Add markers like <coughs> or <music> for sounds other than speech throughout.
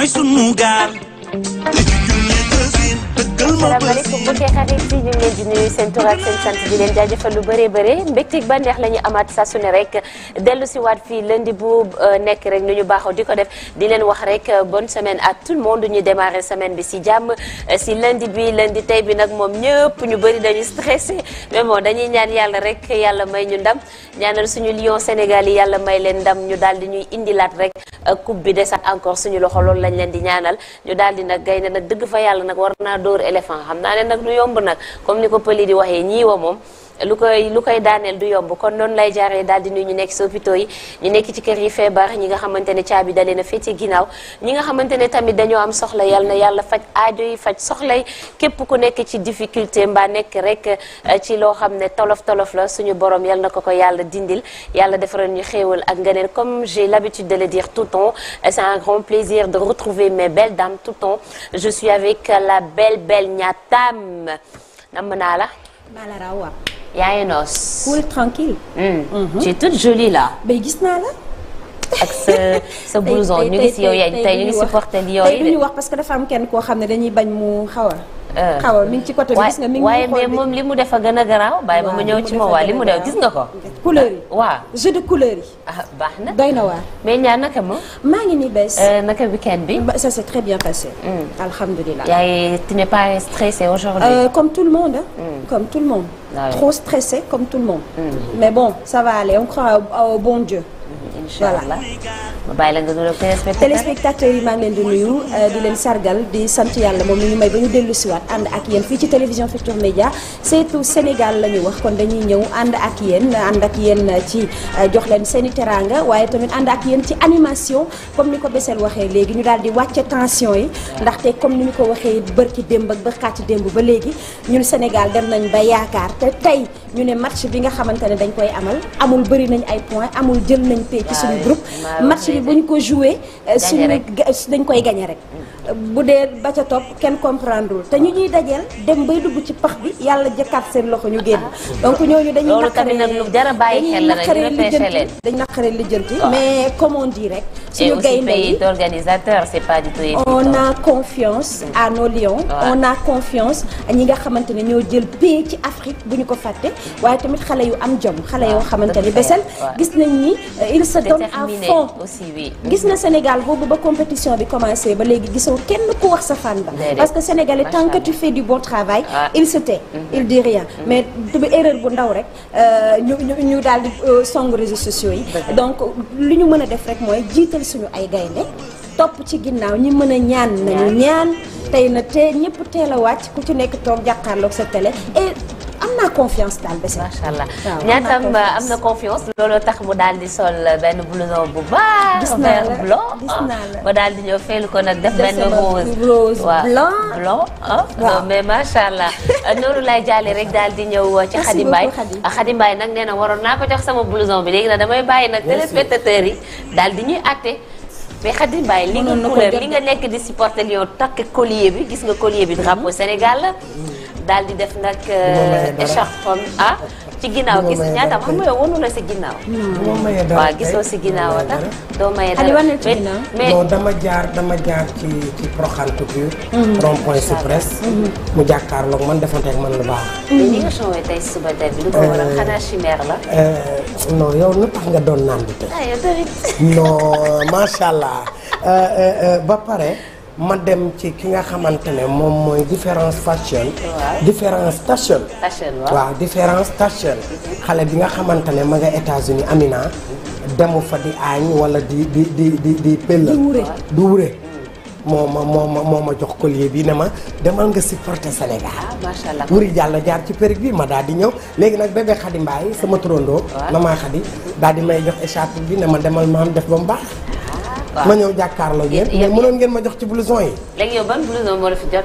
mooy sunu gaal asalaamaaleykum bu kee xarit si ñu ngi leen di nuyu seen tur ak seen sant di leen jaajëfal lu bëree bëri mbégteeg bandeex la ñu amaat saa su rek dellu si waat fii lundi bu euh, nekk rek nu ñu baaxoo di ko def di leen wax rek euh, bon semaine à tout monde ñu démarrer semaine bi si jàmm euh, si lundi bi lundi tey bi nag moom ñëpp ñu bëri dañu stressé mais bon dañuy ñaan yàlla rek yàlla may ñu ndam ñaanal suñu Lion Sénégal yi yàlla may leen ndam ñu daal di ñuy indilaat rek coupe bi desaat encore suñu loxo loolu lañ leen di ñaanal ñu daal di nag gay na nag dëgg enfant xam naa ne nag du yomb nag comme ni ko pëli di waxee ñii wa moom lu koy lu koy daaneel du yomb kon noonu lay jaaree daal di nuyu ñu nekk si hôpitaux yi ñu nekk ci kër yi feebar ñi nga xamante ne caabi dalee na fii ci ginnaaw ñi nga xamante ne tamit dañoo am soxla yal na yàlla faj aajo yi faj soxlay képp ku nekk ci difficulté mbaa nekk rek eh, ci loo xam ne tolof tolof la suñu borom yal na ko ko yàlla dindil yàlla defaral ñu xéewal ak ngëneel comme j'ai l'habitude de le dire tout le temps eh, c'est un grand plaisir de retrouver mes belles dames tout le temps je suis avec la belle naa la. yaa ngi noos. cool tranquille. Hmm. Mhm. tu es toute jolie là. mais gis naa la. ak sa sa blouson ñu gis yow yaay tey ñu ngi supporté yow tey du ñu wax parce que dafa am kenn koo xam ne dañuy bañ mu xaw a euh. xaw a mi ngi ci côté bi gis nga mi ngi waaye mais moom li mu def a gën a garaaw bàyyi ba mu ñëw ci moom waaw li mu def gis nga ko couleur yi waaw jeu de couleur yi ah baax na doy na waar mais ñaar naka ma maa ngi nii bees euh, naka weekend bi ça s'est très bien passé hmm. alhamdulilah yaay tu n'es pas stressé aujourd'hui euh, comme tout le monde hmm. comme tout le monde ah trop stressé comme tout le monde hmm. mais bon ça va aller on croit au bon Dieu incha allah ma bàyyi la nga nuyoog téléspectateur téléspectateurs yi maa ngi leen di nuyu euh, di leen sargal di sant yàlla moom mi ñu may ba ñu dellu siwaat ànd ak yéen fii ci télévision Futurs Médias surtout Sénégal la ñuy wax kon dañuy ñëw ànd ak yéen ànd ak yéen ci euh, jox leen seen i teranga waaye tamit ànd ak yéen ci animation comme ni ko Bessél waxee léegi ñu daal di wàcce tension yi ndaxte comme ni ñu ko waxee bër ci démb ak bërkaati démb ba léegi ñu Sénégal dem nañ ba yaakaar te tey ñu ne match bi nga xamante ne dañ koy amal amul bëri nañ ay point amul jël nañ paie ci suñu groupe match bi buñ ko joué euh, suñu dañ koy gañe rek mm. bu dee ba ca topp kenn comprendrewul te ñu ñuy dajeel dem bay dugg ci pax bi yàlla jëkkaat seen loxo ñu génn <laughs> donc ñooñu dañuy naqare dañuy naqare lijjanti dañ naqare lijjanti ah. mais comme on dit rek suñu gaynde yi d'organisateur c'est pas du tout on a confiance à nos lions on a confiance ñi nga xamante ne ñoo jël paie ci Afrique bu ñu ko fàtte waaye tamit xale yu am jom xale yoo xamante ni besel gis nañ ni euh, il se donne à fond gis na mm-hmm. Sénégal boobu ba compétition bi commencé ba léegi gisoo kenn ku wax sa fan ba parce que sénégalais tant que tu fais du bon travail ah. il se tait mm-hmm. il dit rien mm-hmm. mais du erreur bu ndaw rek euh, ñu ñu ñu daal di euh, song réseaux sociaux yi donc li ñu mën a def rek mooy jiital suñu ay gaynde topp ci ginnaaw ñi mën a ñaan nañu ñaan tey na te ñëpp teel a wàcc ku ci nekk toog jàkkaarloog sa am naa confiance daal bés. macha allah ñaatam am na confiance. looloo tax mu daal di sol benn blouson bu baax. gis naa la blanc ba daal di ñëw feelu ko nag def benn rose. rose blanc blanc ah. mais macha allah <laughs> noonu rek daal di ñëw ci Khady Mbaye. Khady Mbaye nag nee waroon naa ko jox sama blouson bi léegi nag damay bàyyi nag téléspectateurs yi daal di ñuy àtte. mais Khady Mbaye li nga couleur li nga nekk di supporter Lyon takk collier bi gis nga collier bi drapeau mm-hmm. Sénégal daal di def nag euh, écharpe ah ci ginnaaw gis ñaata xam nga yow wanu la si ginnaaw waaw gisoo si ginnaaw a tax doo maye dara mais dama jaar dama jaar ci ci Proxaan Couture mhm. rond point Cyprès mhm. mhm. man defante ak man lu baax li nga changé tey suba euh, euh, tax nga doon naan bi tey ah, non <laughs> macha allah ba pare ma dem ci ki nga xamante ne moom mooy différence fashion. différence station. waaw différence station. xale bi nga xamante ne ma nga États-Unis Amina. demu fa di aañ wala di di di di di pëlla du wure moo ma moo ma moo ma jox collier bi ne ma demal nga supporter Sénégal. Ah, macha allah wuri jàll jaar ci périg bi ma daal di ñëw léegi nag bébé Xadi Mbaay sama turandoo. waaw maman Xadi daal di may jox écharpe bi ne ma demal maam def ba mu baax. ma ñëw jàkkaarloo ak yéen mais mënoon ngeen ma jox ci blouson yi. léegi yow ban blouson moo la fi jot.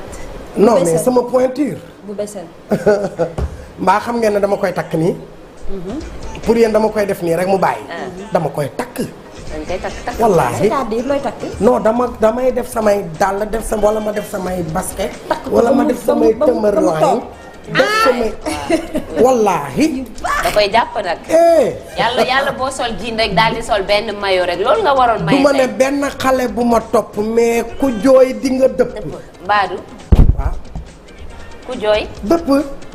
non mais sama pointure. bu <laughs> mbaa xam ngeen ne dama koy takk nii. Mhm. pour yéen dama koy def nii rek mu bàyyi. Ah. dama koy takk. dañ koy takk takk wallaahi cest dama damay def samay dàll def sa wala ma def samay basket. takk wala ma def samay tëmbër def ah! sama wallaahi. da koy jàpp nag. Eh. yàlla yàlla boo sol jiin rek daal di sol benn mayo rek loolu nga waroon. maye du ma ne benn xale bu ma topp mais ku jooy di nga dëpp. Badou. waaw.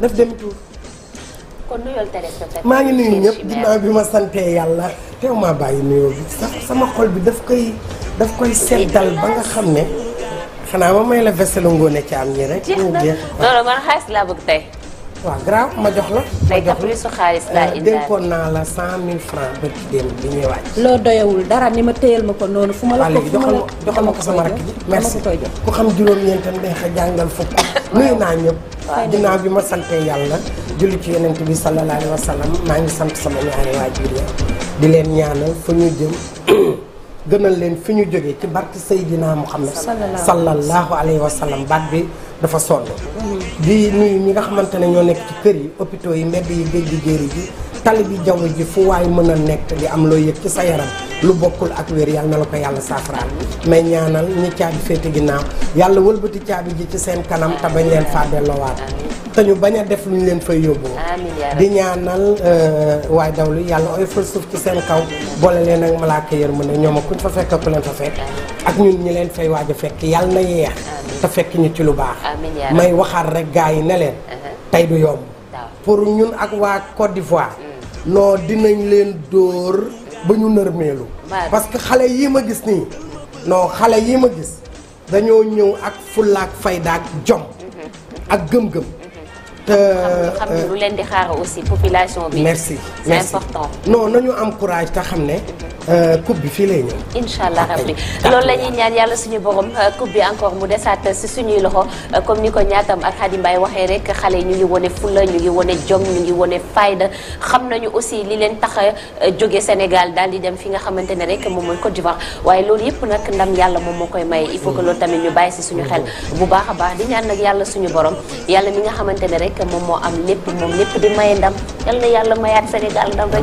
def dem kon nuyoo maa ngi nuyu ñëpp ginnaaw bi ma sante yàlla teew maa bàyyi nuyoo bi sax sama xol bi daf koy daf koy seddal ba nga xam ne. xanaa ma may la veste la ci am ñi rek. jeex na non man xaalis laa bëgg tey. waaw grave ma jox la. ma jox la su xaalis laa euh, naa la cent mille francs ba ci dem bi ñuy loo doyawul dara ni ma téyal ma ko noonu. fu ma la ko fu ma la joxal ma ko sama rakk ji merci ku xam juróom-ñeentam day xa jàngal fukk. <laughs> nuyu naa ñëpp. ginnaaw bi ma sante yàlla. julli ci yonent bi sallallahu alayhi wa sallam maa ngi sant sama ñaari waajur yi di leen ñaanal fu ñu jëm. <clears throat> gënal leen fi ñu jógee ci barke Seydina Muhammad sallallahu alayhi wa sallam baat bi dafa sonn mhm. di nuyu ñi nga xamante ne ñoo nekk ci kër yi hôpitaux yi mbedd yi géej gi jéeri ji tali bi jaww ji fu waay mën a nekk di am loo yëg ci sa yaram lu bokkul ak wér yàlla na la ko yàlla saafaraal mais ñaanal ñi caabi féete ginnaaw yàlla wëlbati caabi ji ci seen kanam te bañ leen faa delloowaat te ñu bañ a def ñu leen fay yóbboo di ñaanal euh, waaye dawlu yàlla oyofal suuf ci seen kaw boole leen ak malaaka yërmande ñoom ak kuñ fa fekk ku leen fa fekk ak ñun ñi leen fay waaj a fekk yàlla na yeex sa fekk ñu ci lu baax may waxaat rek gaa yi ne leen uh-huh. tey du yomb pour ñun ak waa Côte d'Ivoire mm. non dinañ leen dóor ba ñu nërmeelu parce que xale yi ma gis nii no xale yi ma gis dañoo ñëw ak fullaak fayda ak jom ak gëm-gëm te xam ne euh, lu leen di xaar aussi population bi merci c'est important non nañu am courage te xam ne Euh, coupe bi fii lay ñëw. incha allah rabbi loolu la ñuy ñaan yàlla suñu borom euh, coupe bi encore mu desaat si suñuy loxo euh, comme ni ko ñaatam ak Khady Mbaye waxee rek xale yi ñu ngi wone fulla ñu ngi wone jom ñu ngi wone fayda xam ñu aussi li leen tax a jóge Sénégal daal di dem fi nga xamante ne rek moom mooy Côte d'Ivoire waaye loolu yëpp nag ndam yàlla moom moo koy may il faut que loolu tamit ñu bàyyi si suñu xel bu baax a baax di ñaan nag yàlla suñu borom yàlla mi nga xamante ne rek moom moo am lépp moom lépp di maye ndam yàlla na yàlla mayaat Sénégal ndam rek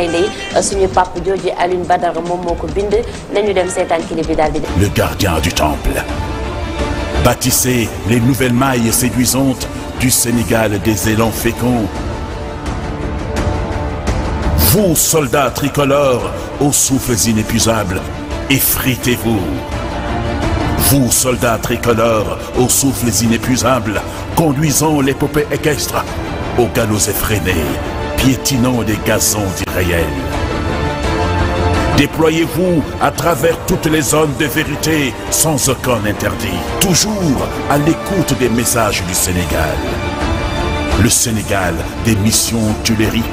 gaynde yi moom moo ko bind nañu dem seetaan clip bi daal di le gardien du temple bâtissez les nouvelles mailles séduisantes du Sénégal des élans féconds vous soldats tricolores aux souffles inépuisables effritez-vous vous soldats tricolores aux souffles inépuisables conduisons l'épopée équestre aux galops effrénés piétinant des gazons d'Israël. Déployez-vous à travers toutes les zones de vérité sans aucun interdit, toujours à l'écoute des messages du Sénégal. Le Sénégal des missions tulériques,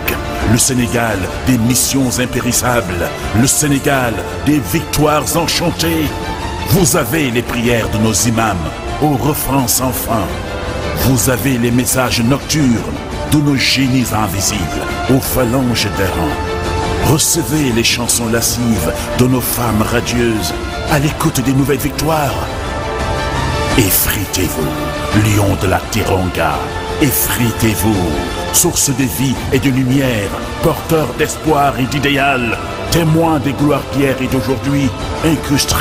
le Sénégal des missions impérissables, le Sénégal des victoires enchantées. Vous avez les prières de nos imams au refrain sans fin. Vous avez les messages nocturnes de nos génies invisibles aux phalanges d'errants. Recevez les chansons lascives de nos femmes radieuses à l'écoute des nouvelles victoires. Effritez-vous, lion de la Teranga, effritez-vous, source de vie et de lumière, porteur d'espoir et d'idéal, témoin des gloires d'hier et d'aujourd'hui, incrusté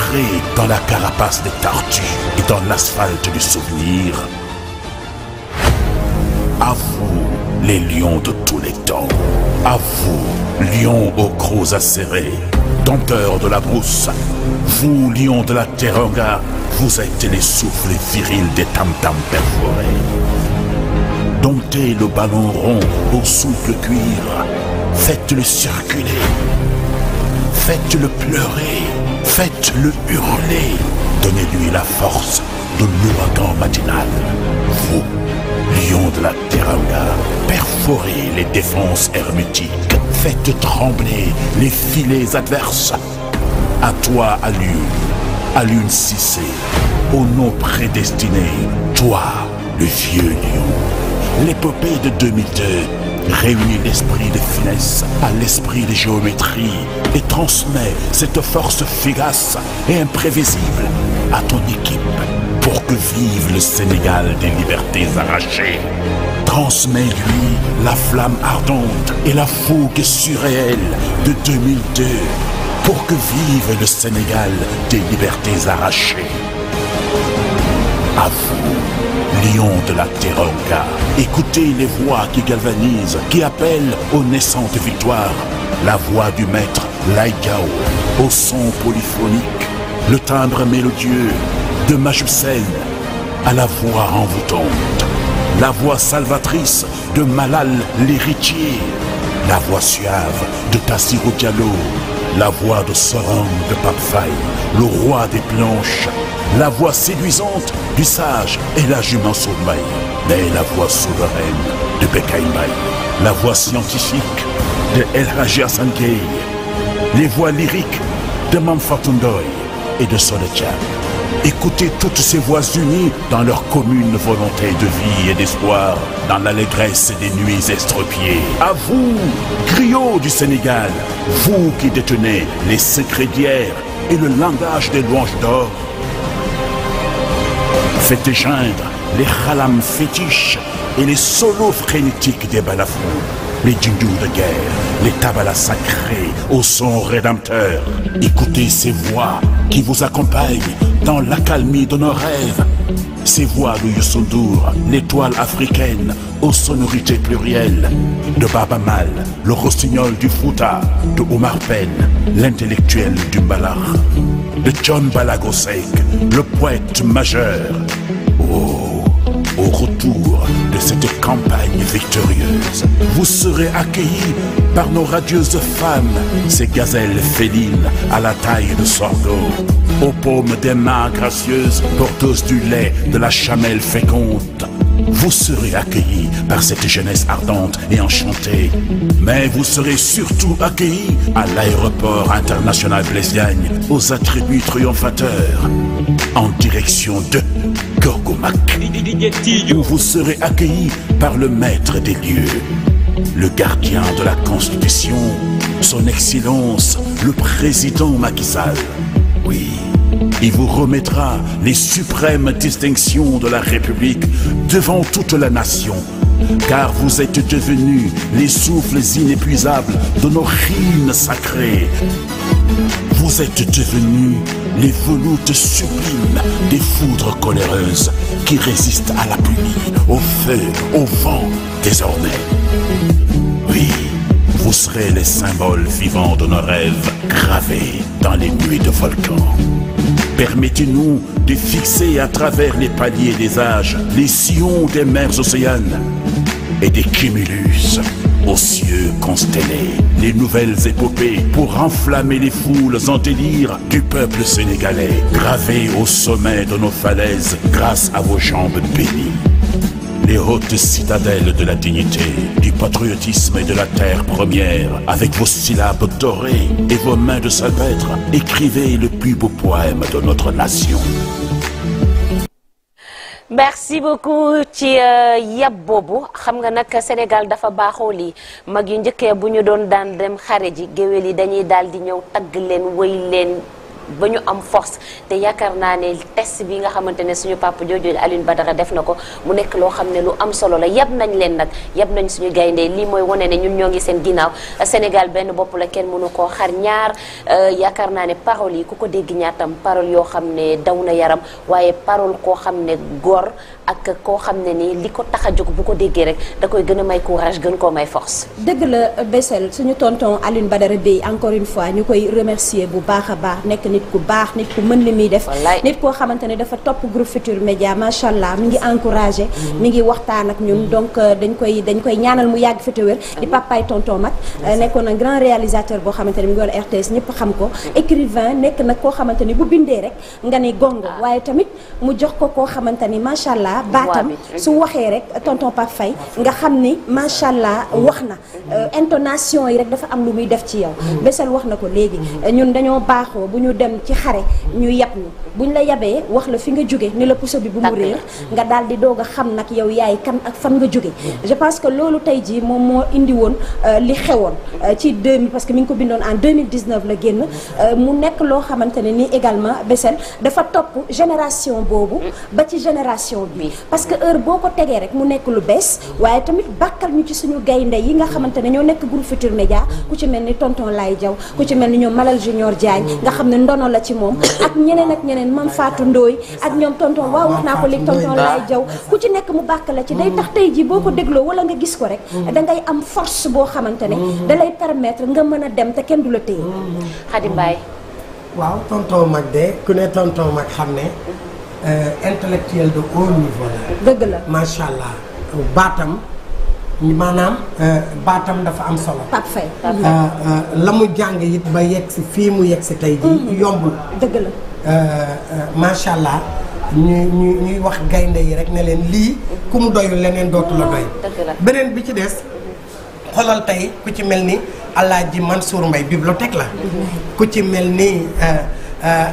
dans la carapace des tortues et dans l'asphalte du souvenir. les lions de tous les temps. À vous, lions aux crocs acérés, dompteurs de la brousse, vous, lions de la teranga, vous êtes les souffles virils des tam perforés. Domptez le ballon rond au souple cuir, faites-le circuler, faites-le pleurer, faites-le hurler, donnez-lui la force de l'ouragan matinal. Vous, lions de la Karanga, perforez les défenses hermétiques, faites trembler les filets adverses. À toi, Alioune, Alioune Cissé, au nom prédestiné, toi, le vieux lion, l'épopée de 2002 l'esprit de finesse à l'esprit de géométrie et transmet cette force fugace et imprévisible à ton équipe. pour que vive le Sénégal des libertés arrachées. Transmets-lui la flamme ardente et la fougue surréelle de pour que vive le Sénégal des libertés arrachées. À vous, lions de la Teranga, écoutez les voix qui galvanisent, qui appellent aux naissantes victoires. La voix du maître Laïgao, au son polyphonique, le timbre mélodieux de Majusel à la voix envoûtante, la voix salvatrice de Malal l'héritier, la voix suave de Tassirou la voix de Soram de Pape le roi des planches, la voix séduisante du sage et la jument Sommeil, mais la voix souveraine de Becaye la voix scientifique de El les voix lyriques de Mame et de Sode Écoutez toutes ces voix unies dans leur commune volonté de vie et d'espoir, dans l'allégresse des nuits estropiées. À vous, griots du Sénégal, vous qui détenez les secrets d'hier et le langage des louanges d'or, faites égeindre les khalams fétiches et les solos frénétiques des balafons. les djingdjous de guerre, les tabalas sacrés au son rédempteur. Écoutez ces voix qui vous accompagnent dans l'accalmie de nos rêves. Ces voix de Youssou l'étoile africaine aux sonorités plurielles. De Baba le rossignol du Fouta, de Omar l'intellectuel du Mbalar. De John Balago Seck, le poète majeur. Au retour de cette campagne victorieuse, vous serez accueillis par nos radieuses femmes, ces gazelles félines à la taille de sorgho, aux paumes des mains gracieuses, porteuses du lait de la chamelle féconde. Vous serez accueillis par cette jeunesse ardente et enchantée, mais vous serez surtout accueillis à l'aéroport international Blaise Diagne, aux attributs triomphateurs, en direction de kër gu où vous serez accueillis par le maître des lieux le gardien de la Constitution son excellence le président Macky Sall oui il vous remettra les suprêmes distinctions de la République devant toute la nation car vous êtes devenus les souffles inépuisables de nos hymnes sacrés Vous êtes devenus les veloutes sublimes des foudres coléreuses qui résistent à la pluie, au feu, au vent désormais. Oui, vous serez les symboles vivants de nos rêves gravés dans les nuits de volcans. Permettez-nous de fixer à travers les paliers des âges les sillons des mers océanes et des cumulus aux cieux constellés, les nouvelles épopées pour enflammer les foules en délire du peuple sénégalais, gravées au sommet de nos falaises grâce à vos jambes bénies. Les hautes citadelles de la dignité, du patriotisme et de la terre première, avec vos syllabes dorées et vos mains de salpêtre, écrivez le plus beau poème de notre nation. merci beaucoup ci euh, yab boobu xam nga nag Sénégal dafa baaxoo lii mag yu njëkkee bu ñu doon daan dem xare ji géwél yi dañuy daal di ñëw tagg leen wëy leen ba ñu am force te yaakaar naa ne test bi nga xamante ne suñu papa jooju Alioune Badara def na ko mu nekk loo xam ne lu am solo la yab nañ leen nag yab nañ suñu gaynde lii mooy wane ne ñun ñoo ngi seen ginnaaw Sénégal benn bopp la kenn mënu koo xar ñaar euh, yaakaar naa ne paroles yi ku ko dégg ñaatam paroles yoo xam ne daw na yaram waaye parole koo xam ne góor ak koo xam ne ni li ko tax a jóg bu ko déggee rek da koy gën a may courage gën koo may force. dëgg la Bessel suñu tonton Alioune Badara Bèye encore une fois ñu koy remercier bu baax a baax nekk nit ku baax nit ku mën li muy def. nit koo xamante ne dafa topp groupe Futur Média macha allah mi ngi encouragé. Mhm. mi ngi waxtaan ak ñun mhm. donc euh, dañ koy dañ koy ñaanal mu yàgg fi te wér. di mhm. papaay tonton mag euh, nekkoon un grand réalisateur boo xamante ne mi ngi woon RTS ñëpp xam ko. écrivain nekk nag koo xamante ni bu bindee rek nga ni gongo ah. waaye tamit mu jox ko koo xamante ni macha allah allah baatam su waxee rek tonton Pape Faye nga xam ni macha allah wax na euh, intonation yi rek dafa am lu muy def ci yow Bessél wax na ko léegi ñun dañoo baaxoo bu ñu dem ci xare ñu yab bu ñu la yabee wax la fi nga jóge ni la puso bi bu mu réer nga daal di doog a xam nag yow yaay kan ak fan nga jóge je pense que loolu tey jii moom moo indi woon euh, li xewoon euh, ci 2000 parce que mi ngi ko bindoon en 2019 la génn mu nekk loo xamante ne ni également Bessél dafa topp génération boobu ba ci génération bi parce que heure boo ko tegee rek mu nekk lu bees waaye tamit bàkkal ñu ci suñu gaynde yi nga xamante ne ñoo nekk groupe Futur Média ku ci mel ni tonton Laye Diaw ku ci mel ni ñoom Malal Junior Diagne nga xam ne ndono la ci moom ak ñeneen ñeneen Mame Fatou Ndoye ak ñoom tonton waaw wax naa ko léegi tonton Laye ku ci nekk mu bàkk la ci day tax tey jii boo ko dégloo wala nga gis ko rek da ngay am force boo xamante ne da lay permettre nga mën a dem te kenn du la téye Khady Mbaye waaw tonton mag de ku ne tonton mag xam ne Euh, intellectuel de haut niveau la. dëgg la macha allah baatam maanaam euh, baatam dafa am solo. Euh, la mu jàng yit ba yegg si fii mu yegg si tey jii. Mhm. yombul dëgg la. macha allah ñu ñu ñuy wax gaynde yi rek ne leen lii ku mu doyul leneen dootu la doy. beneen bi ci des xolal tey ku ci mel ni ji Alaaji Mansour Mbaye bibliothèque la. Mhm. ku ci mel ni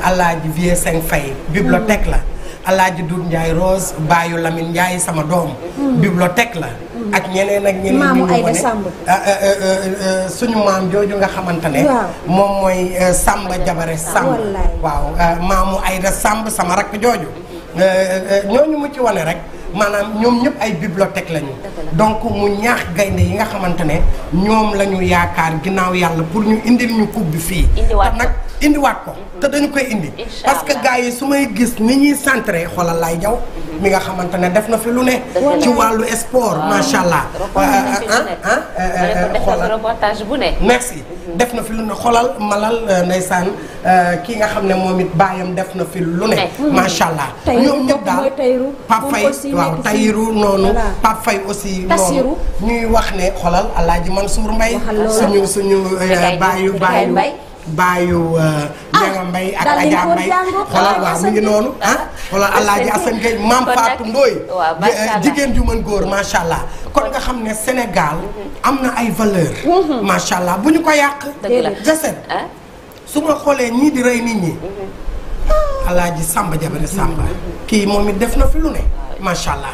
Alaaji Vieux Seng Faye bibliothèque la. Alaaji Doudou Ndiaye Rose Bayou Lamine njaay sama doom hmm. bibliothèque la hmm. ak ñeneen ak ñeneen maamu Aïda ah, ah, ah, suñu maam jooju nga xamante ne moom mooy eh, Samba Jabare Samb waaw maamu Aïda Samb sama rakk jooju eh, eh, ñooñu mu ci wane rek maanaam ñoom ñëpp ay bibliothèque lañu donc mu ñaax gaynde yi nga xamante ne ñoom la yaakaar ginnaaw yàlla pour ñu indil ñu coupe fii te nag indiwaat ko te dañu koy indi parce que gars yi su may gis ni ñuy centré xoolal laay jaw mi nga xamante ne def na fi lu ne ci wàllu sport macha allah euh, euh, ah euh, xoolal reportage bu ne merci def na fi lu ne xoolal malal ndeysaan kii nga xam ne moom it baayam def na fi lu ne hmm. macha allah ñoom ñëpp daal Pape Faye waaw Tayiru noonu Pape Faye aussi noonu ñuy wax ne xoolal Alaaji Mansour Mbaye suñu suñu baayu baayu baayu uh, ah, Ndema Mbaye ak Adja Mbaye xoolal waaw mu ngi noonu ah xoolal ah, Alaaji Assane Gueye maam Fatou Ndoye eh, jigéen ju mën góor macha allah kon nga xam ne Sénégal mhm. am na ay valeur mhm. macha allah bu ñu ko yàq jaset ah. su ma xoolee ñii di rey nit ñi mhm. Alaaji Samba Jabare Samba kii moom it def na fi lu ne macha allah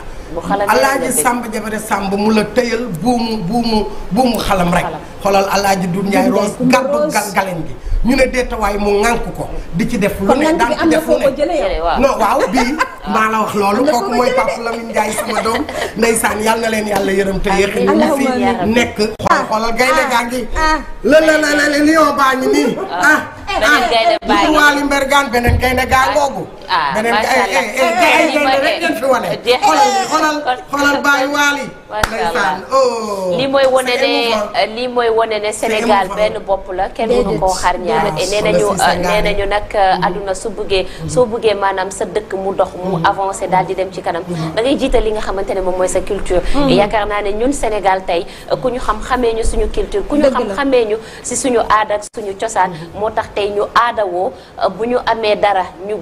Alaaji Samba Jabare sàmb mu la tëyal buumu buumu buumu xalam rek xoolal alaaji Doudou Ndiaye Rose gàddu galen gi ñu ne deetawaay mu ŋànk ko di ci def lu ne daan ci def lu ne non waaw bii <laughs> ah. maa la wax loolu kooku mooy Pape Lamine Ndiaye sama doom ndeysaan yal na leen yàlla yërëm te yéex ñu fi nekk xool xoolal gaynde ah. gaa ngi ah. la la la la lion baa ngi nii ah ah waali mbergaan beneen gaynde gaa ngoogu ah macha oh. lii mooy wane ne lii mooy wane ne Sénégal benn bopp la kenn mënu koo xar ñaar nee nañu nee nag euh, àdduna su bëggee soo bëggee maanaam sa dëkk mu dox mu mm-hmm. avancé daal di dem ci kanam mm-hmm. da ngay jiital li nga xamante ne moom mooy sa culture. Mm-hmm. yaakaar naa ne ñun Sénégal tey euh, ku ñu xam xamee ñu suñu culture ku ñu xam xamee ñu si suñu aada suñu cosaan moo tax tey ñu aadawoo euh, bu ñu amee dara ñu.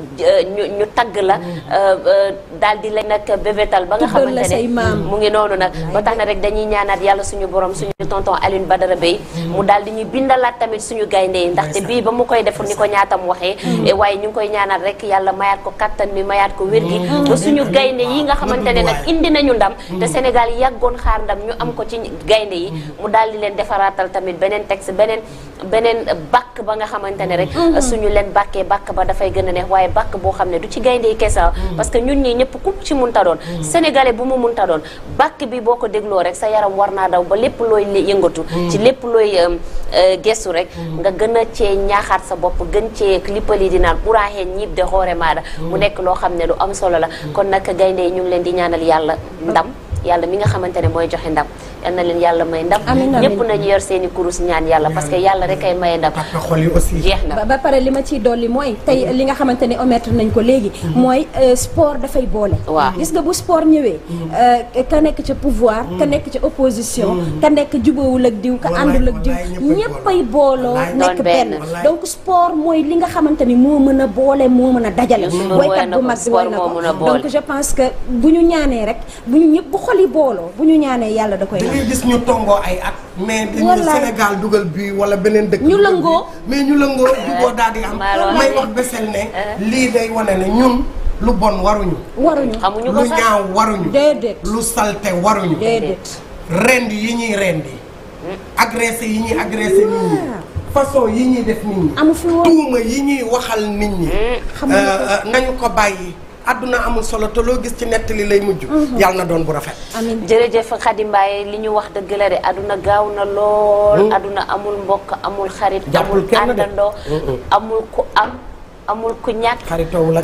ñu ñu tagg la mm. euh, euh, daal di lañ nag bébétal ba nga xamante ne mu ngi noonu nag mm. ba tax na rek dañuy ñaanaat yàlla suñu borom suñu tonton Alioune Badara Bey mm. mu daal di ñuy bindalaat tamit suñu gaynde yi ndaxte bii ba mu koy deful ni ko ñaatam waxee eh, waaye ñu ngi koy ñaanaat rek yàlla mayaat ko kattan bi mayaat ko wér gi ba suñu gaynde yi nga xamante ne nag indi nañu ndam te Sénégal yàggoon xaar ñu am ko ci gaynde yi mu daal di leen defaraatal tamit beneen texte beneen beneen bàkk ba nga xamante ne rek suñu leen bàkkee bàkk ba dafay gën a waaye bàkk boo xam xam du ci gaynde yi kesa ah. mm. parce que ñun ñi ñëpp ku ci munta doon mm. sénégalais bu mu munta doon bàkk bi boo ko dégloo rek sa yaram war naa daw ba lépp looy yëngatu mm. ci lépp looy euh, euh, gestu rek nga gën a cee ñaaxaat sa bopp gën cee lippali di naan ɓuraaxeen ñiib de xoore maada mu nekk loo xam ne lu am solo la kon nag gaynde yi ñu leen di ñaanal yàlla ndam yàlla mi nga xamante ne mooy joxe ndam yal na leen yàlla may ndam ñëpp nañu yor seen i kurus ñaan yàlla parce que yàlla rek ay maye ndam xol yi aussi jeex na ba pare li ma ciy dolli mooy tey li nga xamante ne omettre nañ ko léegi mm-hmm. mooy euh, sport dafay boole waaw gis nga bu sport ñëwee mm-hmm. euh, ka nekk ca pouvoir ka mm-hmm. nekk ca opposition ka nekk jubóowul ak diw ka àndul ak diw ñëppay booloo nekk benn donc sport mooy li nga xamante ni moo mën a boole moo mën a dajale waykat bu mag bi woy na ko donc pense que bu ñu ñaanee rek li booloo bu ñu ñaanee yàlla da koy. da ngay gis ñu tongoo ay at. mais dañu Sénégal dugal bi wala beneen dëkk. ñu lëngoo mais ñu lëngoo eh, juboo daal di am. may wax besel ne. Eh. lii day wane ne ñun. lu bon waruñu. waruñu xamuñu ko sax lu ñaaw waruñu. déedéet lu salte waruñu. déedéet rend yi ñuy rendi mm. agressé yi ñuy agressé nit ñi. Ah. façon yi ñuy def nit ñi. amu fi woon tuuma yi ñuy waxal nit ñi. Mm. Euh, euh, nañu ko bàyyi. àdduna amul solo te loo gis ci nettali lay mujj. Mhm. yàlla na doon bu rafet. amiin jërëjëf Khady Mbaye li ñu wax dëgg la àdduna gaaw na lool. Mhm. àdduna amul mbokk amul xarit. amul àndandoo mhm. amul ku am. amul ku ñàkk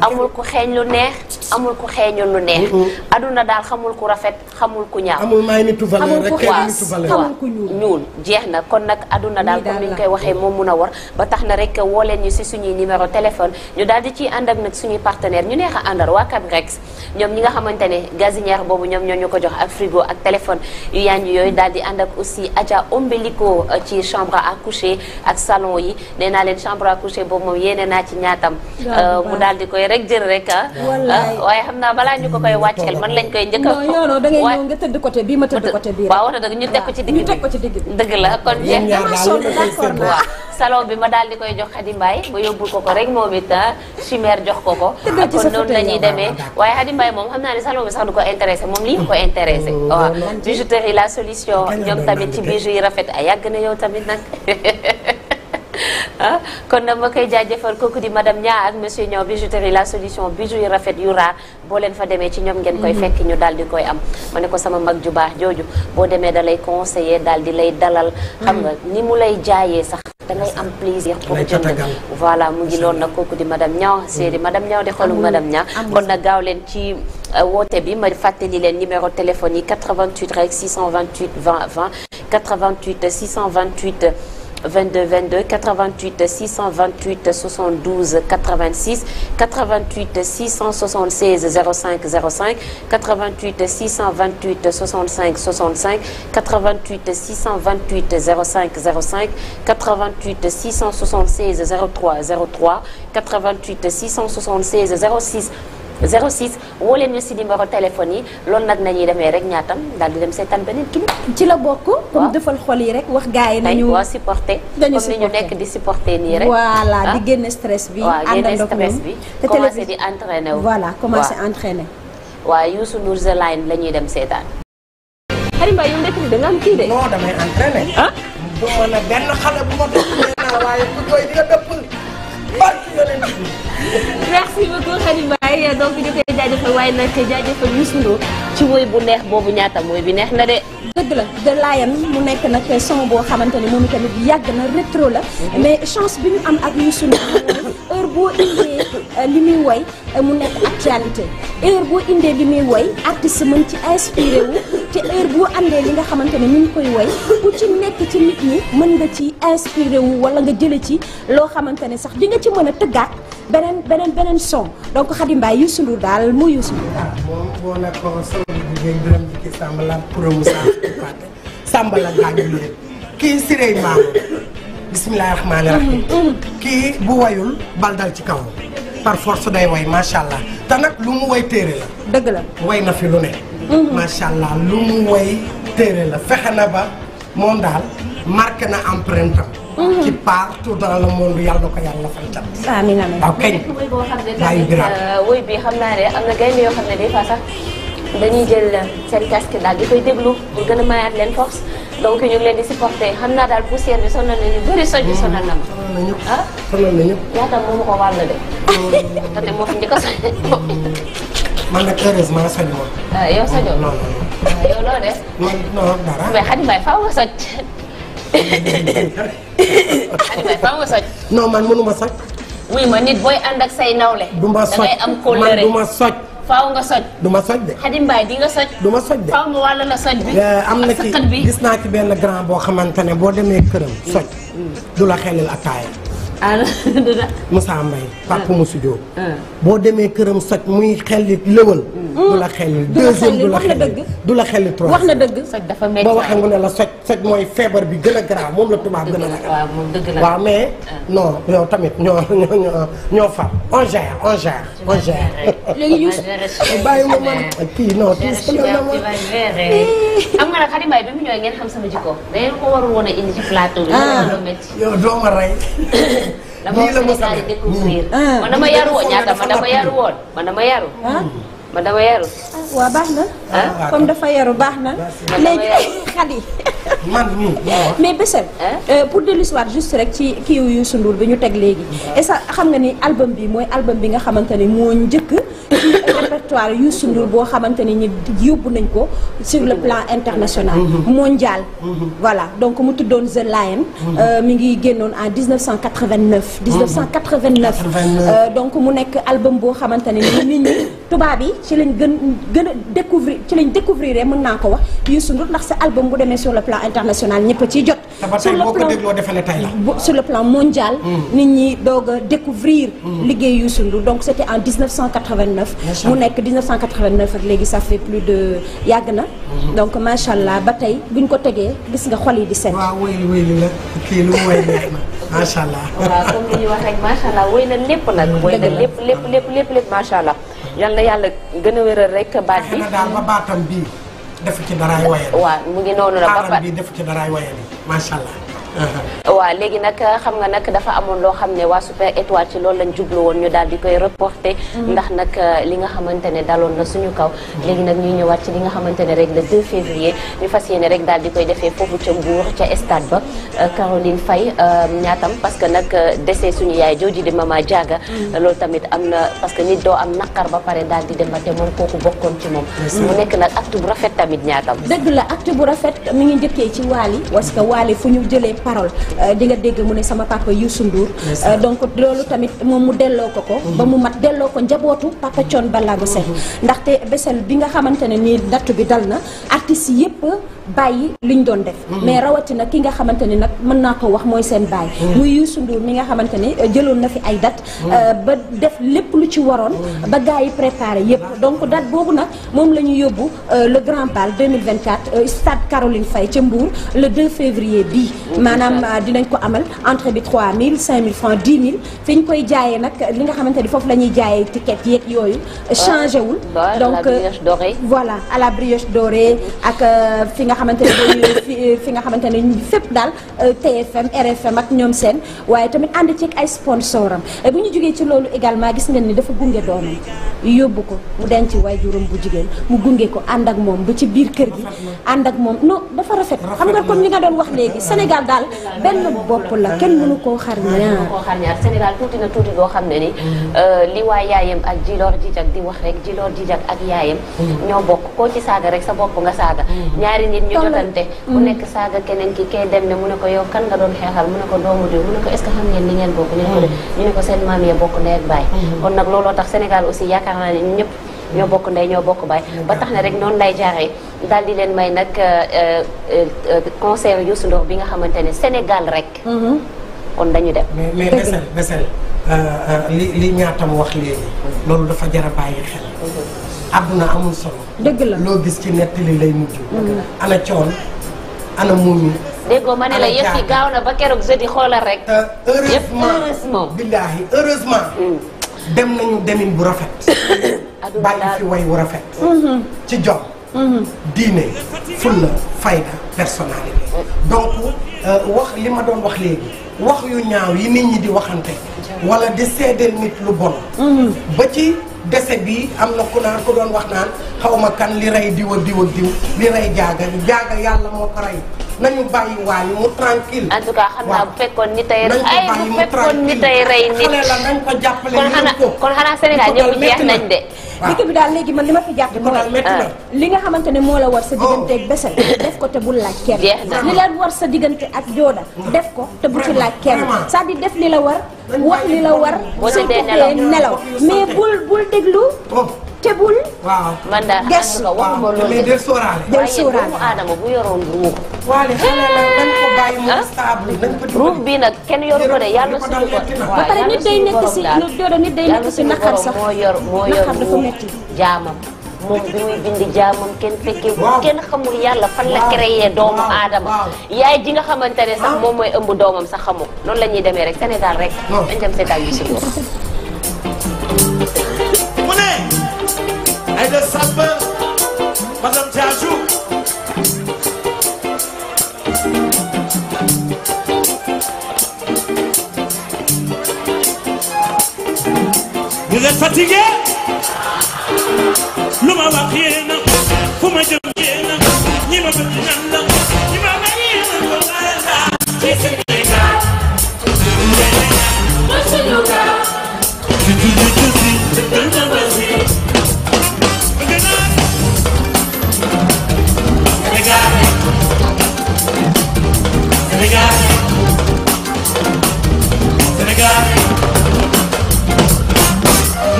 amul ku xeeñ lu neex amul ku xeeñul lu neex aduna daal xamul ku rafet xamul ku ñaaw amul may nitu valeur rek kenn nitu ku ñuul jeex na kon nag aduna daal comme ni ñu koy waxee moom mun a war ba tax na rek woo leen ñu si suñuy numéro téléphone ñu daal di ciy ànd ak nag suñuy partenaire ñu neex a àndal waa Cabrex ñoom ñi nga xamante ne gazinière boobu ñoom ñoo ñu ko jox ak frigo ak téléphone yu yàng yooyu daal di ànd ak aussi Adja ombilico ci chambre à coucher ak salon yi nee naa leen chambre à boobu moom yéene naa ci ñaatam Euh, mu daal di koy rek jël rek ah. ah waaye xam naa balaa ñu ko koy wàcceel man lañ koy njëkk a non da ngay ñëw nga tëdd côté bi ma tëdd côté bi waaw wax na dëgg ñu teg ko ci digg bi ñu teg digg la kon jeex na bi ma daal di koy jox Khady Mbaye ba yóbbul ko ko rek moom it ah chimère jox ko ko kon noonu la ñuy demee waaye Khady Mbaye moom xam naa ne salon bi sax du ko intéressé moom lii ko intéressé oh, waaw bijouterie la solution ñoom tamit ci bijou yi rafet a ah, yàgg na yow tamit nag <laughs> <laughs> ah kon nag ma koy jaajëfal kooku di madame Nia ak monsieur Niang bijouterie la solution bijou yu rafet yu raar boo leen fa demee ci ñoom ngeen koy mhm. fekk ñu daal di koy am ma ne ko sama mag ju baax jooju boo demee dalay lay conseiller daal di lay dalal xam nga mhm. ni mu lay jaayee sax da ngay am plaisir pour jënd voilà mu ngi loolu nag kooku di madame Niang mhm. séeri madame Niang di xolu madame Niang kon nag gaaw leen ci euh, woote bi ma fàttali leen numéro téléphone yi 88 rek 628 20 20 88 628 22 22 88 628 72 86 88 676 05 05 88 628 65 65 88 628 05 05 88 676 03 03 88 676 06 06 woo leen ñu si numéro téléphone yi loolu nag nañuy demee rek ñaatam daal di dem seetaan beneen clip. ci la bokk. waaw comme defal xol yi rek wax gars yi nañu. dañu supporté comme ni ñu nekk di supporté nii rek. voilà di ah. génne stress bi. àndandoo ak moom bi commencé di entraîné wu. voilà commencé entraîné. waaw Youssou Ndour The Line la ñuy dem seetaan. xarit yow ndekk bi da nga de. non damay entraîné. ah. bu ma ne benn xale bu ma dëpp nee waaye donc ñu koy jaajëfal waaye nag jaajëfal Youssou Ndour ci woy bu neex boobu ñaata mooy bi neex na de. dëgg la de Lion mu nekk nag son boo xamante ni moom itamit yàgg na rétro la mais chance bi ñu am ak Youssou Ndour heure boo indee euh, li muy woy euh, mu nekk actualité heure boo indee li muy woy artiste mën ci inspiré wu te heure boo andee li nga xamante ne ñu ngi koy woy ku ci nekk ci nit ñi mën nga ci inspiré wu wala nga jële ci loo xamante ne sax di nga ci mën a tëggaat beneen beneen beneen son donc Mbaye Youssou Ndour daal mu Youssou Ndour daal. moom boo ci kaw par force macha allah te nag lu mu dëgg la na fi lu ne. Mhm. lu mu way téere la fexe na ba moom daal marqué na empreinte am Mhm. ci part tout dans le monde yàlla na ko yàlla fay cat. amiin amiin waaw euh, bi woy naa ne am na gaynde yoo xam ne des fois sax dañuy jël seen casque daal di koy déglu pour gën a mayaat leen force donc ñu ngi leen di supporté xam naa daal poussière bi sonal nañu bëri soj bi sonal na ma. Mhm, sonal nañu ah sonal nañu. de. <laughs> a man nag ma. Ah, yow sañoo. non non non. Ah, yow loo des. man non dara. mais Xadi Mbaye faaw nga soj. Aliouma faaw nga socc. non man mënu ma socc. wuy ma nit booy ànd ak say nawle. du soj socc man du ma socc. faaw nga socc. du ma socc de. Xadim Mbaye wàll la socc bi. Eh, am na ci gis naa ci benn grand boo xamante ne boo demee këram. socc mm. du la xelal ataaya. <laughs> dëgg Moussa Mbaye papa ah. Moussa Diop. Ah. boo demee këram soj muy xelli lëwal. Mm. du la xelli deuxième du la xelli du la xelli trois. wax na dëgg soj dafa métti boo waxee mu ne la soj soj mooy feebar bi gën a grave moom la tubaab gën a ragal. waaw moom dëgg la mais. Ah. non yow tamit ñoo <laughs> ñoo ñoo ñoo far léegi ñu bàyyi ma man kii non tuus ko la ma xam nga nag Khady Mbaye bi mu ñëwee ngeen xam sama jikko da ngeen ko warul woon a indi ci plateau bi la métti yow doo ma rey dama wax sa découvrir man dama yaru woon ñaata man ma yaru woon man dama yaru ma dama yaru waaw baax na. Ah? comme dafa yaru baax na. léegi xale <laughs> yi. man mais Bessél. Ah? Euh, pour dellu si juste rek ci kii yu Youssou Ndour bi ñu teg léegi. et ça xam nga ni album bi mooy album bi nga xamante ni moo njëkk. répertoire Youssou Ndour boo xamante ni ñi yóbbu nañ ko sur le plan international. Mhm. mondial. Mhm. voilà donc mu tuddoon The Lion. Mhm. Euh, mi ngi génnoon en 1989. 1989 euh, donc mu nekk album boo xamante ni nit ñi tubaab yi. ci lañ gën gën a découvrir ci lañ découvrir mën naa ko wax Youssou Ndour ndax sa album bu demee sur le plan international ñëpp a ciy jot. sur le plan sur le plan mondial. Mm. nit ñi doog a découvrir. Mm. liggéey Youssou Ndour donc c' était en 1989. macha allah mu nekk 1989 ak léegi ça fait plus de yàgg na. Mm-hmm. donc macha allah ba tey buñ ko tegee gis nga xol yi di set. waaw wéyli wéyli la kii lu wéy macha allah. waaw comme li ñu wax rek macha allah wéy na lépp nag. wéy na lépp lépp lépp lépp macha allah. yal na yàlla gën a wéral rek baat bi daal ba baatam bi def ci daraay wayal waaw mu ngi noonu la ba baatam bi def ci daraay wayal yi macha allah <laughs> waaw léegi nag xam nga nag dafa amoon loo xam ne waa Super Étoile ci loolu lañ jublu woon ñu daal di koy reporté mhm. ndax nag euh, li nga xamante ne daloon na suñu kaw mhm. léegi nag ñu ñëwaat ci li nga xamante ne rek la 2 février fas yéene rek daal di koy defee foofu ca Mbour ca stade ba euh, Caroline Faye euh, ñaatam parce que nag décès suñu yaay jooju di Mama Diaga mhm. loolu tamit am na parce que nit doo am naqar ba pare daal di dem ba te moom kooku bokkoon ci moom mu nekk nag acte bu rafet tamit ñaatam dëgg la acte bu rafet mi ngi njëkkee ci Wally parce que fu ñu jëlee porte-parole euh, di nga dégg mu ne sama papa Youssou Ndour euh, donc loolu tamit moom mu delloo ko ko mhm. ba mu mat delloo ko njabootu papa Thione Ballago Seck mhm. ndaxte Bessél bi nga xamante ne ni nattu bi dal na artistes yëpp bàyyi liñ doon def mhm. mais rawatina ki nga xamante ni nag mën naa ko wax mooy seen baay mhm. muy Youssou Ndour mi nga xamante ni euh, jëloon na fi ay date mhm. euh, ba def lépp lu ci waroon ba gars yi préparé yëpp donc date boobu nag moom la ñu yóbbu euh, le grand bal 2024 stade Caroline Faye ca Mbour le 2 février bi maanaam dinañ ko amal entrée bi 3000 5000 francs 10 mille fi ñu koy jaayee nag li nga xamante ni foofu la ñuy jaayee ticket yeeg yooyu changé wul donc voilà à la brioche dorée ak nga xamante ne fi nga xamante ne ñu fépp daal euh, TFM RFM ak ñoom seen waaye tamit ànd ci ay sponsoram euh, bu ñu jógee ci loolu également gis ngeen ni dafa gunge doomam yóbbu ko mu denc waajuram bu jigéen mu gunge ko ànd ak moom ba ci biir kër gi ànd ak moom non dafa rafet xam nga comme li nga doon wax léegi Sénégal daal benn bopp la kenn mënu koo xar ñaar koo xar ñaar Sénégal tuuti na tuuti loo xam ne ni euh, li waa yaayam ak jiloor jijak di wax rek jiloor jijak ak yaayam mm. ñoo bokk koo ci saaga rek sa bopp nga saaga mm. ñaari nit ñu jotante mu mm. nekk saaga keneen ki kee dem ne mu ne ko yow kan nga doon xeexal mu ne ko doomu diw mu ne ko est ce que xam ngeen li ngeen bokk ñu ne ko mm. ñu ne ko seen maam yee bokk ndey ak baay mm-hmm. kon nag looloo tax Sénégal aussi yaakaar naa ne ñëpp ñoo bokk ndey ñoo bokk baay mm-hmm. ba tax na rek noonu lay jaaree daal di leen may nag euh, euh, euh, concert Youssou Ndour bi nga xamante ne Sénégal rek mm-hmm. kon dañu dem mais Bessél Bessél li li ñaatam wax léegi loolu dafa jar a bàyyi xel àdduna amul solo. dëgg la loo gis ci nettali lay mujj. ana coon ana muuñu. déggoo ma ne la yëf yi gaaw na ba keroog jeudi xoolal rek. heureusement billaahi heureusement. Mm. dem nañu demin bu rafet. <coughs> bàyyi fi way wu rafet. Mm-hmm. ci jom. Mm-hmm. diine fulla fayda personnalité. donc euh, wax li ma doon wax léegi wax yu ñaaw yi nit ñi di waxante. wala di seedeel nit lu bon. Mm-hmm. ba ci. dese bi am na ku naan ku doon wax naan xaw ma kan li rey diw ak diw ak diw li rey jaaga jaaga yàlla moo ko rey nañu bàyyi waayi mu tranquille en tout cas xam naa bu fekkoon ni ay bu fekkoon ni tey rey nit xale la nañ ko jàppale ko kon xanaa Sénégal ñëpp jeex nañ de dëkk bi daal léegi man li ma fi jàpp mooy li nga xamante ne moo la war sa oh. diggante ak Bessél def ko te bul laaj kenn li la war sa diggante ak Joda def ko te bu ci laaj kenn c'est-à-dire def li la war wax li la war surtout nelaw mais bul bul déglu oh. te bul. waaw man daal ànd ko waxuma loolu. mais del bu yoroon ruux. waaw de xale la ah? bi nag kenn yoru ko de yàlla suñu ko. ba pare si dodo nit day moo yor moo yor dafa jaamam. moom bi muy bindi jaamam kenn fekkee ko kenn xamul yàlla fan la créé doomu aadama yaay ji nga xamante ne sax moom mooy ëmb doomam sax xamul loolu la ñuy demee rek senegal rek dañ dem seetaan yu si Samba madame Diajou vous êtes fatigué lu ma wax yéen a fu ma jëm yéen a ñi ma bëgg ñan la ñi ma bañ yéen a ko laal ci Sénégal mooy suñu gaal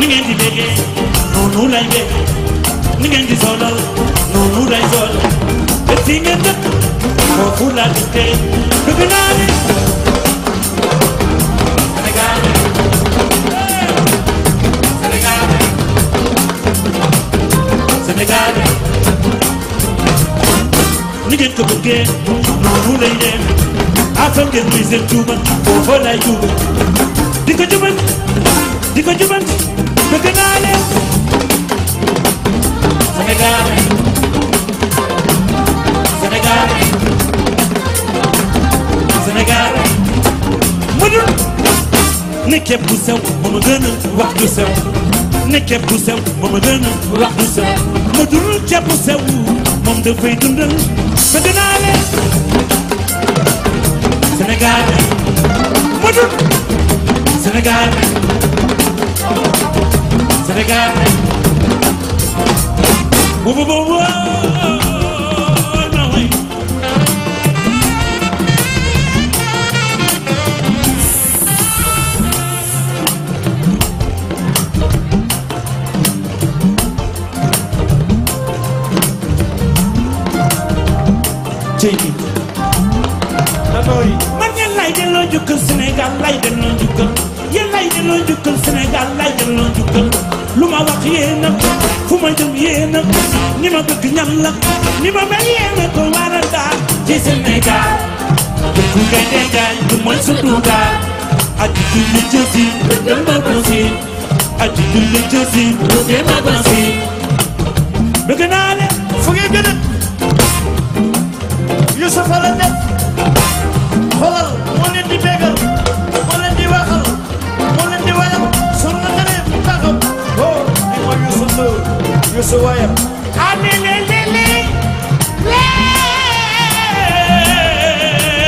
ni ngeen di déggee noonu lay bég ni ngeen di solal noonu lay sol te si ngeen dëkk di tey dugg naa ni Sénégal ni ngeen ko bëggee noonu lay dem afam ngeen muy seen tuuma foofu di ko jubal Sénégal Sénégal Sénégal mënul nekkee bu sew ba ma gën a wax du sew nekkee bu sew ba ma gën a wax du sew ma dul ceeb bu sew moom dafay dundal te dinaa leen Sénégal ma dul Sénégal Sénégal jukkal Sénégal lay delloo jukkal yéen lay delloo jukkal Sénégal lay delloo jukkal lu ma wax yéena fu ma jëm yéena ni ma bëgg ñam la ni ma mel yéena waral daal ci Sénégal dëkku kay dégaay du mooy suñu gaal aji julli jësi dem ba ko si aji julli jësi dem fu ngeen gën a Yusufa la nekk xoolal moo leen di Youssou wayam ane le le le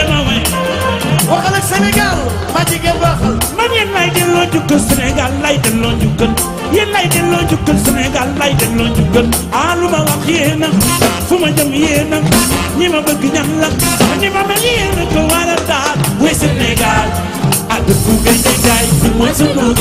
ma way waxal ak Sénégal ma jigéen waxal man yéen lay delloo jukkal Sénégal lay delloo jukkal yéen lay delloo jukkal Sénégal lay delloo jukkal a ah, lu ma wax yéen a fu ma jëm yéen a ñi ma bëgg ñam la ñi ma mel yéen a ko war a daal way Sénégal a dëkku gay gay mooy sunu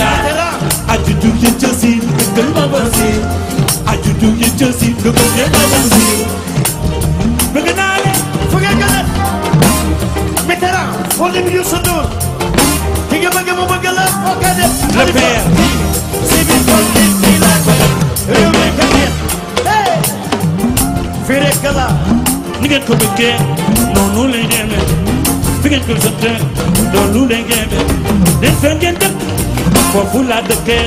tabaske noonu lay deme fi ngeen ko sëtte noonu lay deme den fen ngeen dëkk foofu laa dëkke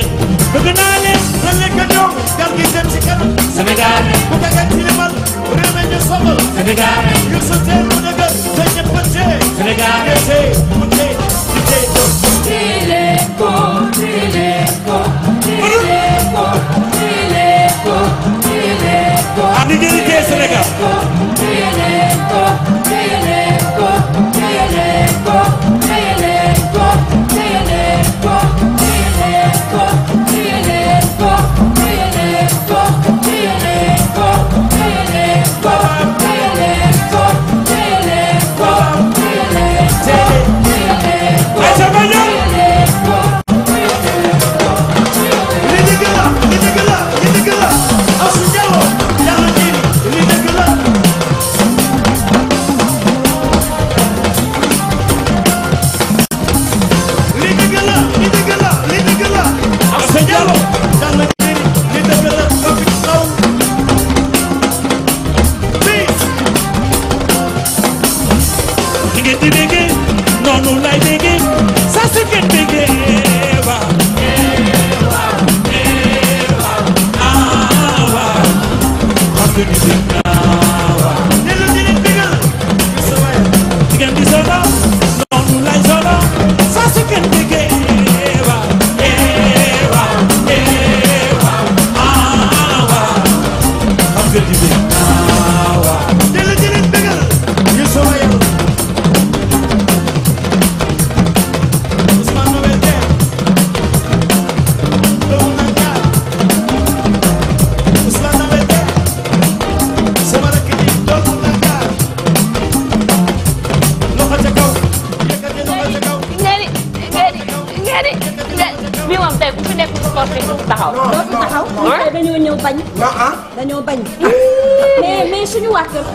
bëgg naa leen la lekk ñoom gar gi dem ci kanam Sénégal bu dagat ci limal réew mi ñu sobal Sénégal ngir sa teel mu dëgër te ñëpp tee Sénégal tee mu tee di tee tee ko tee ko tee ko tee ko tee ko tee ko Jaya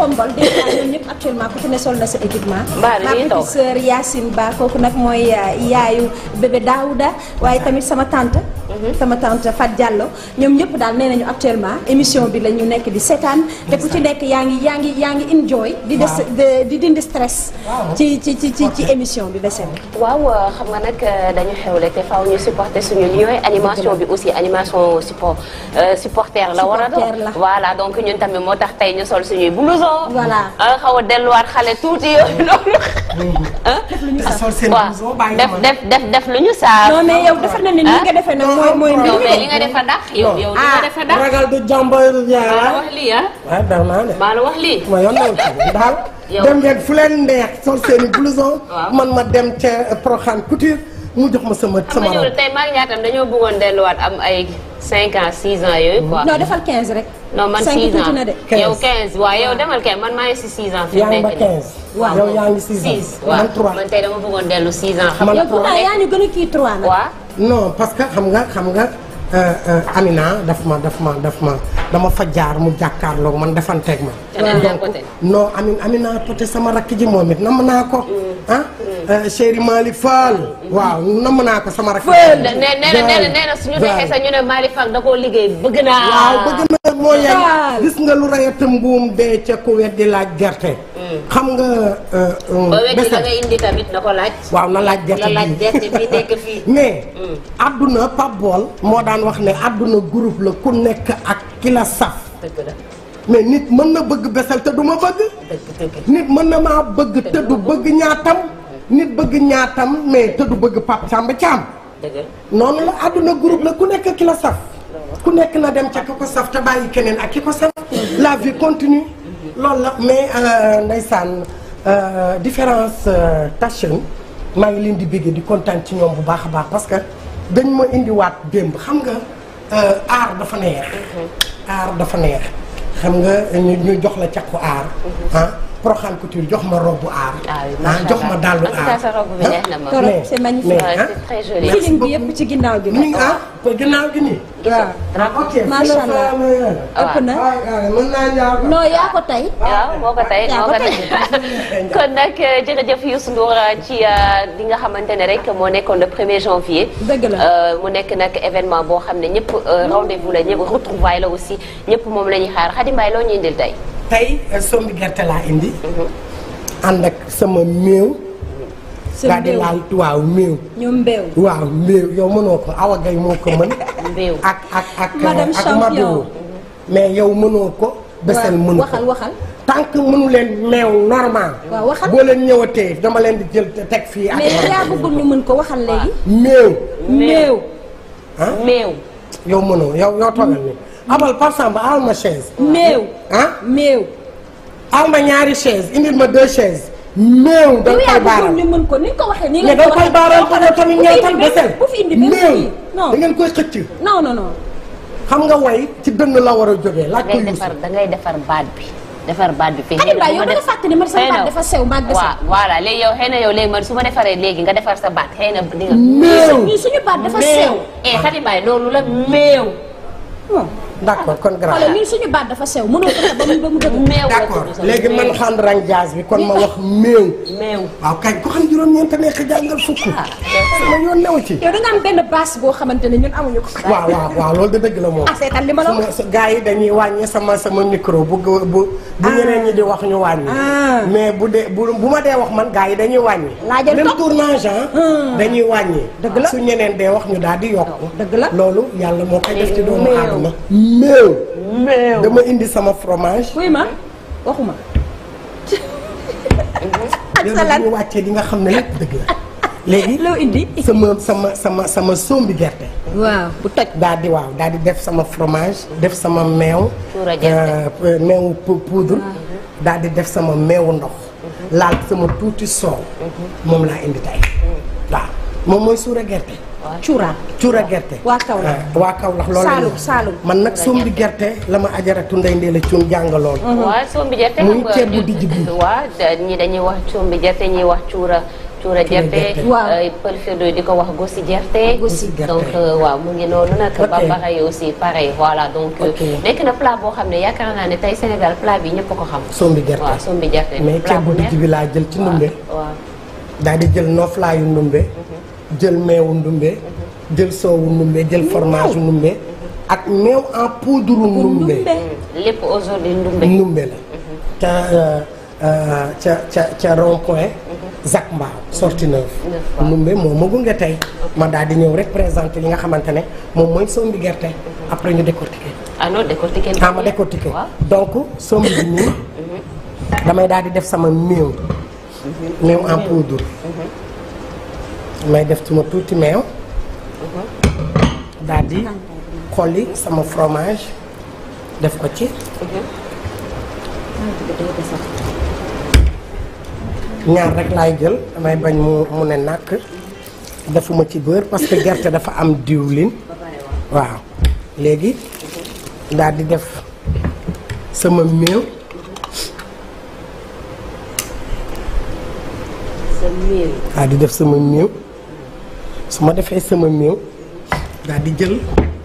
xombal dégg naa ñoom ñëpp actuellement ku ci na sa équipement. ma mi ngi toog ma petite Ba kooku nag mooy euh, yaayu bébé Daouda waaye tamit sama tante sama tante Fat Diallo ñoom ñëpp daal nee nañu actuellement émission bi la ñu nekk di seetaan te ku ci nekk yaa ngi yaa ngi yaa ngi enjoy di des dindi stress ci ci ci ci ci émission bi beseen waaw xam nga nag euh, dañu xewle te faaw ñu supporter suñu liooyu animation bi aussi animation support euh, supporter la war a doon voilà donc ñun tamit moo tax tey ñu sol suñuy blouson voilà euh, a a delluwaat xale tuuti yooyu <laughs> noonu ah def def def def lu ñu saaf. non mais yow defar na ne li nga ah? defee nag mooy mooy. non li nga defa dax yow yow li nga ah, defa dax ragal du jàmbar yaa la ah. wax lii ah. waaw wax lii. ma yoon nañu daal. dem leen fu leen neex sol seeni blouson. man ma dem ca eh, Proxaan Couture mu jox ma sama sama. am na ñëw tey dañoo bëggoon delluwaat am ay 5 ans 6 ans yooyu quoi. non defal quinze rek. non man 6 ans yow 15 demal kay man maa si 6 ans. fi mu nii waaw yaa ngi 6 ans. man 3 man tey dama bëggoon dellu 6 ans. xam nga pourtant gën a kii 3 nag. waaw parce que xam nga xam nga Amina daf ma daf ma daf ma. dama fa jaar mu jàkkaarloog man defanteeg ma. donc non amin amina poté sama rakk ji moom it nam naa ko. Mm. ah mm. Euh, chéri Mali Fall. Mm. waaw nam naa ko sama rakk. Fall nee na nee na suñu nekkee sax ñu ne Mali Fall da koo liggéey bëgg naa. waaw bëgg naa moo yem gis nga lu rayata mbuum dee ca ku weddi laaj gerte. xam nga. Euh, euh, ba wécc da ngay indi tamit na ko laaj. waaw na laaj gerte bi na laaj gerte bi nekk fii. <laughs> mais. adduna Pape Bool moo daan wax ne adduna groupe la ku nekk ak ki la a saf mais nit mën na bëgg besel te du ma bëgg nit mën na maa bëgg te du bëgg ñaatam nit bëgg ñaatam mais te du bëgg pap càmb càmb noonu la àdduna groupe la ku nekk ki la saf ku nekk na dem ca ki ko saf te bàyyi keneen ak ki ko saf la vie continue lool la mais euh, ndeysaan euh, différence euh, tachin maa ngi leen di béggee di kontaan ci ñoom bu baax a baax parce que dañ ma indiwaat démb xam nga aar dafa neex mm-hmm. aar dafa neex xam nga ñu jox la càkku aar mhm. ah, Proxaan Couture jox ma robe bu ah, ah jox ma dàllu ah, aar c'est magnifique c'est très bi yëpp ci ginnaaw gi. ni nga ah ginnaaw gi nii. waaw ah, ok ko. non yaa moo ko tey <laughs> <laughs> kon nag euh, jërëjëf Youssou Ndour euh, ci euh, li nga xamante ne rek moo nekkoon le premier janvier. dëgg la mu nekk nak événement boo xam ne ñëpp rendez-vous la ñëpp retrouvaille la aussi ñëpp moom la ñuy xaar Khady Mbaye loo ñuy indil tey. tey sombi gerte laa indi. Mm-hmm. ànd ak sama méew. daa di laal waaw méew. ñoom yow mënoo ko Awa Gaye moo ko mën. mbéew ak ak ak ak mais yow mënoo ko. besel mënu ko waxal waxal. mënu leen meew normal. waaw waxal boo leen ñëwatee dama leen di jël teg fii. ak mais yaa bëggoon ñu mën ko waxal léegi. méew. méew. ah mënoo yow yow toogal abal par exemple chaise. méew ah méew. aw ma ñaari chaise indil ma deux chaises. néew da nga koy baaral ñu mën ko ni ko waxee nii la da nga koy baaral ko yow tamit ngay tal besel néew da ngeen koy xëcc. non non non. xam nga way ci dënn la war a jógee laaj ko yuusu da ngay defar baat bi. defar baat bi fii xëy na yow da nga fàtte ne man sama baat dafa sew baat waaw voilà léegi yow xëy na yow léegi man su ma defaree léegi nga defar sa baat xëy na. néew suñu baat dafa sew. eh Xadi Mbaye loolu la méew. d'accord kon grand xoolal dafa sew mënoo fexe ba mu ba mu dëgg <laughs> meew d'accord kon ma wax meew meew waaw kañ ko xam juróom-ñeent nekk jàngal fukk ah, sama yoon new ci yow da nga am benn base boo xamante ne ñun amuñu ko <laughs> waaw waaw waaw loolu de dëgg la moom ah, seetal li ma la wax gars yi dañuy wàññi sama sama micro bu bu bu ah. ñeneen ñi di wax ñu wàññi mais bu dee bu ma dee wax man gaa yi dañuy wàññi laajal même tournage dañuy wàññi dëgg la su ñeneen dee wax ñu daal di yokk dëgg la loolu yàlla moo koy def ci doomu aadama méew. méew dama indi sama fromage. kuy ma waxuma. <laughs> wàccee di nga xam ne lépp dëgg la. léegi loo indi. sama sama sama sama sombi gerte. waaw bu toj. daal di waaw daal di def sama fromage def sama meew. puura meewu poudre. Euh, euh, ah. daal di def sama meewu ndox. Mhm. laal sama tuuti soow. Mhm. moom laa indi tey. Mhm. waaw moom mooy suura gerte. cuura cuura gerte waa Kaolack eh, waa Kaolack loolu Saalum man nag sombi gerte la ma ajaratu ndey ndee la cuun jàng lool mm-hmm. waaw sombi gerte muy ceeb bu dijj bi <laughs> waaw ñi dañuy wax sombi gerte ñuy wax cuura cuura gerte waaw préféré di ko wax gosi ah, gerte donc euh, waaw mu ngi noonu nag bambara yi aussi pareil voilà donc euh, nekk na plat boo xam ne yaakaar naa ne tey Sénégal plat bi ñëpp ko xam sombi gerte waaw sombi gerte mais ceeb bu dijj bi laa jël ci ndumbe daal di jël noof laayu ndumbe jël meewu ndumbe jël soowu ndumbe jël fromage ndumbe ak meew en poudre ndumbe lépp aujourd'hui ndumbe ndumbe la ca euh, euh, ca ca ca rond point Zac Mbao sortie neuf ndumbe moo ma gunge tey ma daal di ñëw rek présenté li nga xamante ne moom mooy sombi gerte après ñu décortiqué ah non décortiqué ah ma décortiqué donc sombi bi nii <coughs> mhm. damay daal di def sama meew mhm. meew en poudre mhm. may def suma tuuti meew mhm. daal di mhm. xolli sama fromage def ko ci ñaar rek laay jël damay bañ mu mu ne nàkk defuma ci beurre parce que gerte dafa am diwlin waaw léegi daal di def sama meew daal di def sama meew su ma defee sama meew daal di jël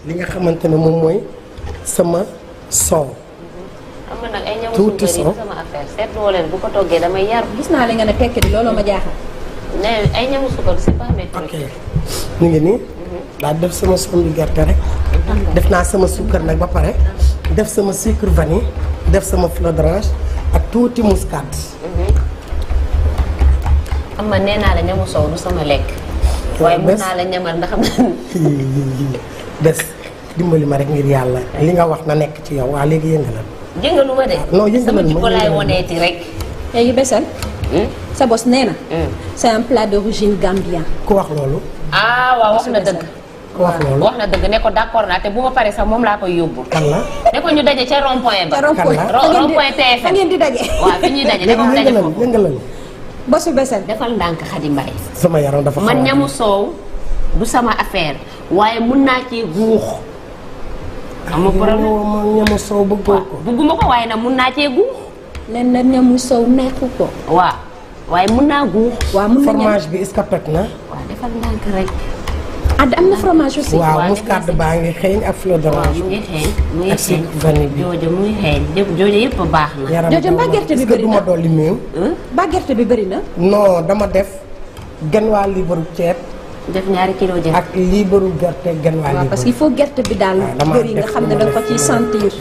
li nga xamante ne moom mooy sama soow. ay ñamu tuuti soow bu ko toggee damay yar. gis naa li nga ne tekki di looloo ma jaaxal. ne ay ñamu sukar c'est pas ngi nii. Mhm. daal def sama soow bi gerte rek. def naa sama suukar nag ba pare. def sama sucre vanille. def sama fleur d'orange ak tuuti muscade. Mhm. am na nee naa la ñamu soow du sama lekk. waaye mun naa la ñamal ndax xam nga. <laughs> bés dimbali ma rek ngir yàlla li nga wax na nekk ci yow waa léegi yëngalal. yëngalu ma de. Ah, non yëngalal ma sama jikko laay woneeti rek. léegi Bessél. Hmm? sa bos nee na. Hmm. c'est un plat d'origine gambien. ku wax loolu. ah waaw wax na dëgg. ku wax loolu wax na dëgg ne ko d'accord naa te bu ma paree sax moom laa koy yóbbu. kan la ne ko ñu daje ca rond ba. ca rond point rond point TFM. fa ngeen di daje. waaw fi ñuy daje ne ko daje ba su besel defal ndànk Xadi Mbaye sama yaram dafa man ñamu soow du sama affaire waaye mun naa ci guux ama problème man ñamu soow bëggoo ko bëgguma waaye nag mun naa cee guux leen na ñamu soow neexu ko waaw waaye mun naa guux waaw mun na ñam fromage bi est-ce na waaw defal ndànk rek muscade am na fromage aussi. waaw muscade baa ngi xeeñ ak fleur d'orange. mu ngi xeeñ mu ngi xeeñ ak vanille bi. jooja muy baax na. yaram jooja mbaa gerte bi bëri na duma bi bëri na. non dama def genn waa liibaru ceeb. def ñaari kilo jën ak lii bëru gerte gan waa parce que il faut gerte bi daal ah, bëri nga xam ne da ko ciy sentir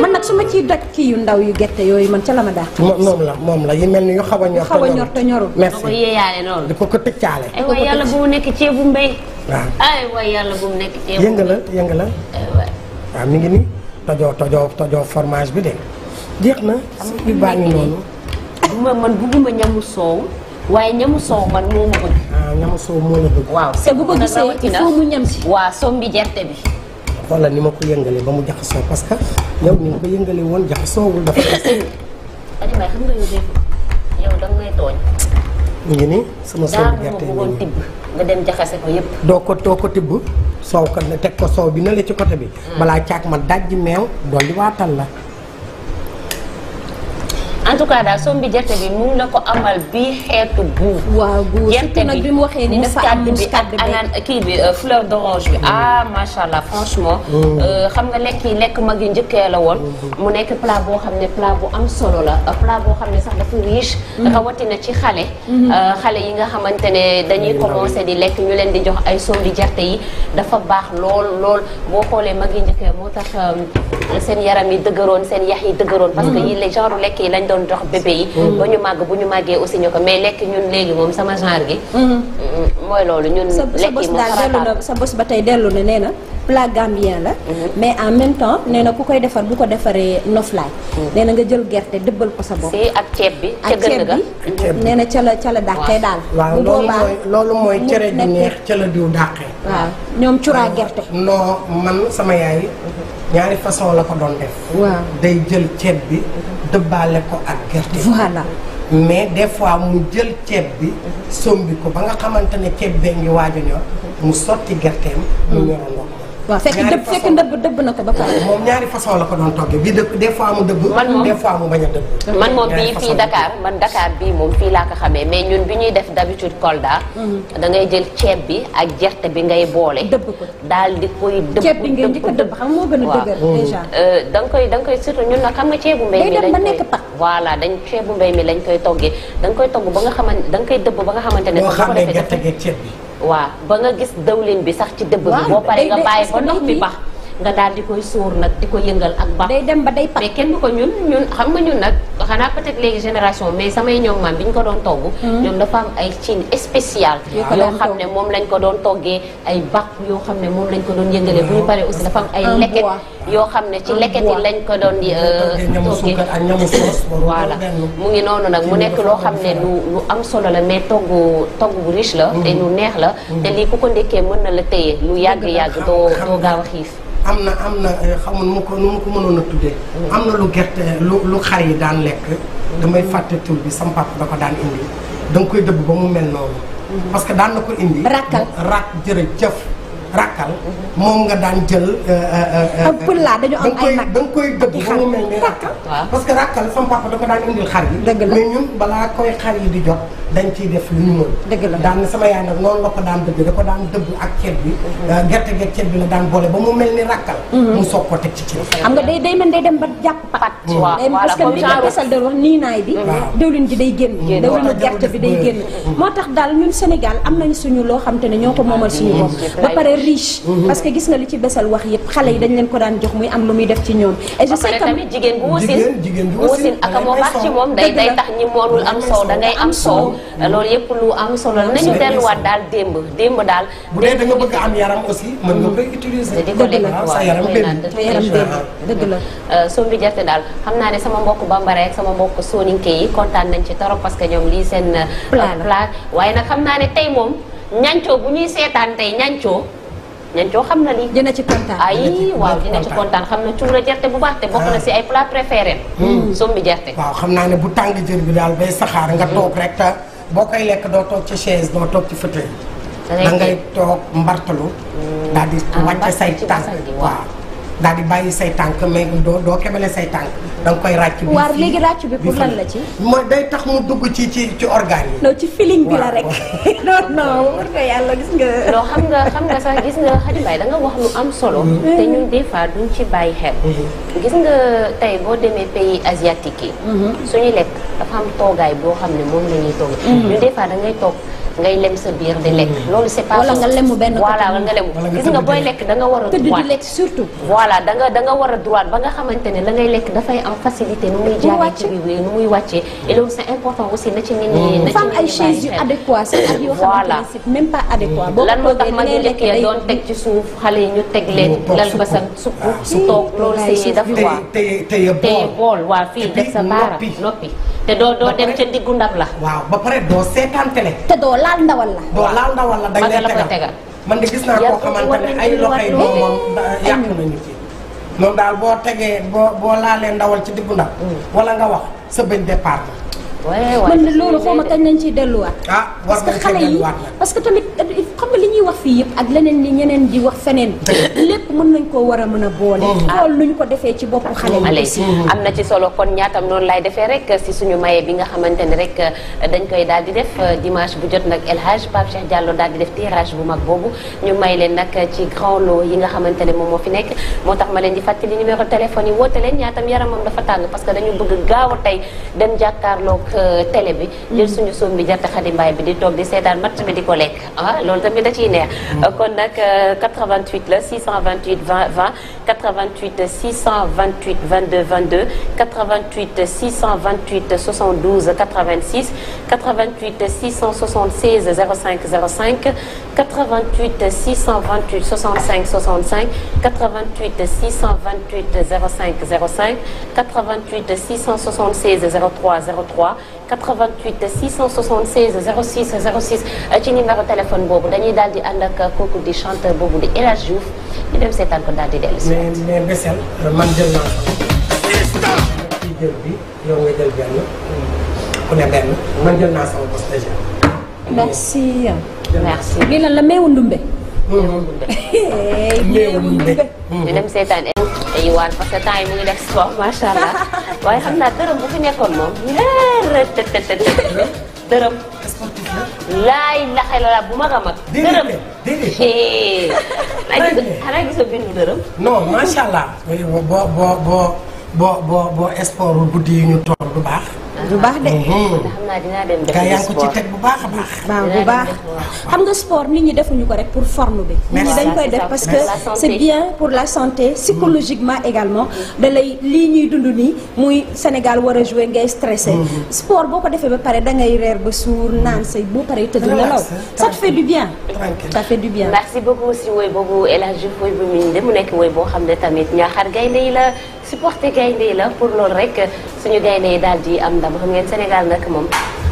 man nag su ma ciy doj kii yu ndaw yu gerte yooyu man ca la ma dàq moom la moom la yu mel ni yu xaw a ñor xaw a ñor te ñorul ko yéeyaale loolu di ko ko tëccaale ay waay yàlla bu mu yàlla bu la yënga la waaw mi ngi ni tojoo tojoo tojoo bi de jeex na si baa ngi man bugguma ñamu soow waaye ñamu soow man moo ma bëgg. ah ñamu soow moo la bëgg. waaw te bu bëgg see il faut mu ñam si. waaw soom bi gerte bi. xoolal ni ma ko yëngalee ba mu jaxasoo parce que yow ni ma ko yëngalee woon jaxasoowul dafa. Aliou may tooñ. ngi nii sama soow bi gerte nga dem jaxase ko yëpp. doo ko doo ko tibb soow kat teg ko soow bi na la ci côté bi. Mm. balaa caag ma dajji meew dolli waatal la. en tout cas daal sombi gerte bi mu na ko amal bii xeetu guub. waaw nag bi mu waxee ni dafa am muscade bi ak anaan kii bi euh, fleur d'orange bi mm. ah macha allah franchement. Mm. Euh, xam nga lekk yi lekk mag yi njëkkee la woon. Mm. mu nekk plat boo xam ne plat bu am solo la euh, plat boo xam ne sax dafa riche. rawatina ci xale. Mm-hmm. xale yi nga xamante ne dañuy commencé di lekk ñu leen di jox ay sombi gerte yi dafa baax lool lool boo xoolee mag yi njëkkee moo tax seen yaram yi dëgëroon seen yax yi doon jox bébé yi mm-hmm. ba ñu màgg bu ñu màggee aussi ñu ko mais lekk ñun léegi moom sama genre gi mm-hmm. Mm-hmm. mooy loolu ñun lekk yi moom farataal sa bos ba tey dellu na nee na plat gambien la mais en même temps nee na ku koy defar bu ko defaree noflaay nee na nga jël gerte dëbbal ko sa bopp si ak ceeb bi ca gën ga nee na ca la ca la dàqee daal waaw loolu mooy cere ju neex ca la diw dàqee waaw ñoom curaa gerte non man sama yaay ñaari façon la ko doon def. waaw day jël ceeb bi. dëbbaale ko ak gerte. voilà mais des fois mu jël ceeb bi. sombi ko ba nga xamante ne ceeb bee ngi waaju a ñor. mu sotti gerteem. mu ñoroon ko. waaw fekk dëbb fekk dëbb dëbb na ko ba pare. moom ñaari façon la ko doon toggee bii dëbb des fois mu dëbb. man moom des fois mu bañ a man moom bii fii Dakar man Dakar bii moom fii laa ko xamee mais ñun bi ñuy def d'habitude Kolda. Mhm. da ngay jël ceeb bi ak gerte bi ngay boole. dëbb ko daal di koy dëbb. ceeb bi ngay njëkk a dëbb xam moo gën euh, da nga koy da koy surtout ñun nag xam nga ceebu mbay mi. day dem ba nekk pat dañ ceebu mbay mi lañ koy toggee da nga koy togg ba nga xaman da nga koy dëbb ba nga xamante ne. boo xamee gerte gi bi waaw ba nga gis dawlin bi sax ci dëbb bi boo paree nga bàyyi ko ndox mi bax nga daal di koy suur nag di ko yëngal ak ba dem ba day pat mais kenn ko ñun ñun xam nga ñun nag xanaa peut léegi génération mais samay ñoom maam bi ñu ko doon togg hmm. ñoom dafa ay cin spécial yoo xam ne moom lañ ko doon toggee ay bàq yoo xam ne moom lañ ko doon yëngalee bu ñu paree aussi dafa am ay leket yoo xam ne ci leket yi lañ ko doon toggee euh, voilà mu ngi noonu nag mu nekk loo xam ne lu lu am solo la mais togg togg bu riche la te hmm. lu neex la te hmm. lii ku ko ndekkee mën na la téye lu yàgg-yàgg doo doo gaaw a xiif am na am na euh, xamul mu ko nu mu ko mënoon a tuddee. Mm. am na lu gerte lu lu xar yi daan lekk. Mm. damay fàtte tur bi sama papa da ko daan indi da nga koy dëbb ba mu mel noonu. Mm. parce que daan na ko indi. rakkal rak jërëjëf rakkal. Mm-hmm. moom nga daan jël. Euh, euh, am pëllaa dañu am da nga koy da nga koy dëbb parce que rakkal sama papa da ko daan indil xar yi. dëgg la mais ñun balaa koy xar yi di jot. dañ ciy def lu ñu mën. la daan sama yaay nag noonu la ko daan dëgg da ko daan dëbb ak ceeb bi. Mm-hmm. Euh, gerte geeg ceeb bi la daan boole ba mu mel ni rakkal. Mm-hmm. mu soog ko teg ci ceeb. xam nga day day mel day dem ba jàpp pat. Mm-hmm. waaw parce que li nga kesal doon wax nii naay bi. diwlin ji day génn. génn diwlinu gerte bi génn. moo tax daal Sénégal am nañ suñu loo xam te ne ñoo ko moomal suñu bopp. ba pare riche. parce que gis nga li ci besal wax yëpp xale yi dañ leen ko daan jox muy am lu muy def ci ñoom. et je sais que tamit jigéen bu wasin jigéen jigéen bu wasin ak moo baax ci moom day day tax ñi moonul am soow da ngay am soow loolu yëpp lu am solo la nañu delluwaat daal démb démb daal bu dee da bëgg am yaram aussi mën nga koy di ko lekk ah, waaw dëgg la euh, sombi gerte daal xam naa ne sama mbokk bambara ak sama mbokk soninke yi kontaan nañ ci torop parce que ñoom lii seen euh, plat waaye nag xam naa ne tey moom ñancoo bu ñuy seetaan tey ñancoo ñancoo xam na lii dina ci kontaan ay waaw dina ci kontaan xam na cuura gerte bu baax te bokk na si ah. ay plat préféré hmm. sombi gerte waaw xam naa ne bu tàng jër bi daal bay saxaar nga toog rek boo koy lekk doo toog ci chaise doo toog ci fauteuil da ngay toog mbartalu mm. daal di ah, wàcce say tànk waaw daal di bàyyi say tànk mais doo doo kemale say tànk da nga koy ràcc bi waaw léegi ràcc bi pour lan la ci mooy day tax mu dugg ci ci ci organe yi non ci feeling bi la rek <laughs> non non yàlla gis nga xam nga xam nga sax gis nga Khady Mbaye da wax lu am solo mm-hmm. te ñun des fois duñ ci bàyyi xel mm-hmm. gis nga tey boo demee pays asiatique yi mm-hmm. suñuy lekk dafa am toogaay boo xam ne moom la ñuy toog ñun des fois ngay lem sa biir di lekk mm. loolu c'est pas wala nga nga booy lekk danga war a droit lekk surtout voilà da nga da nga a ba nga xamante ne la ngay lekk dafay am facilité nu muy jaaree ci biir nu muy wàccee et loolu c'est important aussi na ci nit ñi mm. na am ay chaises yu adéquat ak yoo xamante ne c'est même pas adéquat mm. lan moo tax ma lekk ya doon teg ci suuf xale yi ñu teg leen lal ba sa supp ah, su toog loolu c'est dafa waa tey bool waa fii def sa baara noppi te doo doo dem ca diggu ndab la. waaw ba pare doo seetaan télé. te doo laal ndawal la. doo laal ndawal la dañ lay tegal man de gis naa koo xamante ne ay loxo yi moom yàq nañu ci. noonu daal boo tegee boo boo laalee ndawal ci diggu ndab. Mm. wala nga wax sa bëñ départ. man loolu xaw ma kañ lañ ciy delluwaat ah, parce que xale yi parce que tamit xam nga li ñuy wax fii yëpp ak leneen li ñeneen di wax feneen <laughs> lépp mën nañ koo war a mën a boole mm-hmm. ah. xool lu ñu ko defee ci bopp xale yi aussi na ci solo kon ñaatam noonu lay defee rek si suñu maye bi nga xamante ne rek uh, dañ koy daal di def uh, dimanche bu jot nag El Hadj Pape Cheikh Diallo daal di def tirage bu mag boobu ñu may leen nag ci grand lot yi nga xamante ne moom moo fi nekk moo tax ma leen di fàttali numéro téléphone yi woote leen ñaatam yaramam dafa tàng parce que dañu bëgg gaaw tey dem jàkkaarloo Euh, télé bi jël mm. bi jarte xadi mbaay bi di toog di seetaan match bi di ko lekk ah, loolu tamit da ciy neex mm. euh, kon nag 88 euh, la 628 20 20 88 628 22 22 88 628 72 86 88 676 05 05 88 628 65 65 88 88 676 06 06 ci numéro téléphone boobu dañuy daal di ànd ak kooku di chanteur boobu di El Hadj Diouf ñu dem seetaan ko daal di dellu si. mais mais Bessel euh, man jël naa sama. kii jël bi yow nga jël benn ku ne benn man jël naa sama bos merci merci. lii lan la meewu ndumbe. néew mu ngi def. néew mu ngi def. ñu dem seetaan yiwaan parce que temps yi mu ngi def sport macha allah waaye xam naa dërëm bu fi nekkoon moom. dërëm. sportif la. laay laxee la bu mag a mag. dërëm déedéet xanaa gisoo bindu dërëm. non macha allah. boo boo boo boo boo boo sportul guddi yi ñu toog du baax. lu baax de. xam mhm. naa dinaa dem def yaa ko ci teg bu baax a baax. waaw bu baax xam ko rek pour forme bi. dañ koy def parce que c'est bien pour la santé psychologiquement également da lii ñuy dund nii muy Sénégal war a jouer ngay stressé. Mhm. sport boo ko defee ba pare da ngay reer ba suur naan say boo du bien. du bien. merci beaucoup de mu nekk woy boo xam ne tamit ñaaxaar gaynde yi la supporter gaynde la pour loolu rek suñu gaynde yi daal di am ndam xam ngeen Sénégal nag moom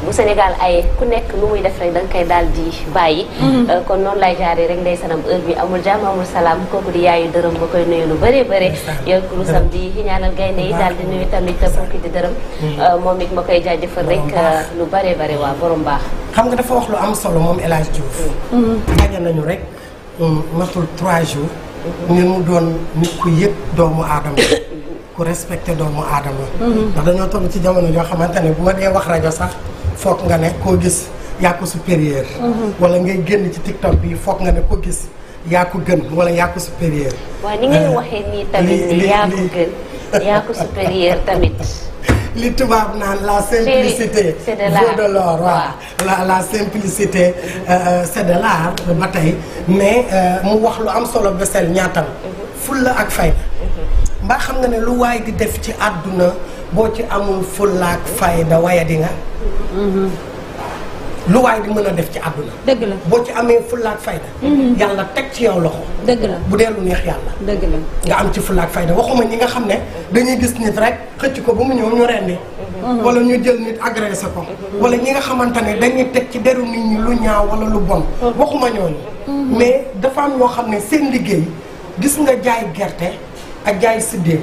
bu Sénégal ay ku nekk lu muy def rek da nga koy daal di bàyyi. Mhm. Euh, kon noonu lay jaaree rek ndey sanam heure bi amul jàmm amul salaam kooku di yaayu dërëm nga koy nuyu lu bëree bëri. yow ku sam di ñaanal gaynde yi daal di nuyu tamit kooku di dërëm. Mhm. Euh, moom it ma koy jaajëfal rek euh, lu bëree bëri waa borom baax. xam nga dafa wax lu am solo moom El Hadj Diouf. Mhm. nañu rek matul 3 jours. ngeen mu doon nit yëpp doomu aadama. ku respecté doomu aadama. Mhm. ndax dañoo toll ci jamono joo xamante ne bu ma dee wax rajo sax fook nga ne koo gis yaa ko supérieur. Mhm. wala ngay génn ci tiktok bi foog nga ne ko gis yaa ko gën wala yaa ko supérieur. waaw ni ngay euh, waxee nii tamit ni yaa ko gën yaa ko supérieur tamit. <laughs> li tubaab naan la simplicité vaut la la simplicité euh, euh, c'est de l'art ba tey mais mu wax lu am solo besel ñaatam mhm. fulla ak fay mbaa xam nga ne lu waay di def ci àdduna boo ci amul fullaak fayda waaye di nga mm-hmm. lu waay di mën a def ci àdduna dëgg la boo ci amee fullaak fayda mm-hmm. yàlla teg ci yow loxo dëgg bu dee lu neex yàlla dëgg la nga am ci fullaak fayda waxuma ñi nga xam ne dañuy gis nit rek xëcc ko ba mu ñëw ñu rendi mm-hmm. wala ñu jël nit agressé ko wala ñi nga xamante ne dañuy teg ci deru nit ñi lu ñaaw wala lu bon waxuma ñooñu mais dafa am ñoo xam ne seen liggéey gis nga jaay gerte ak jaay siddéem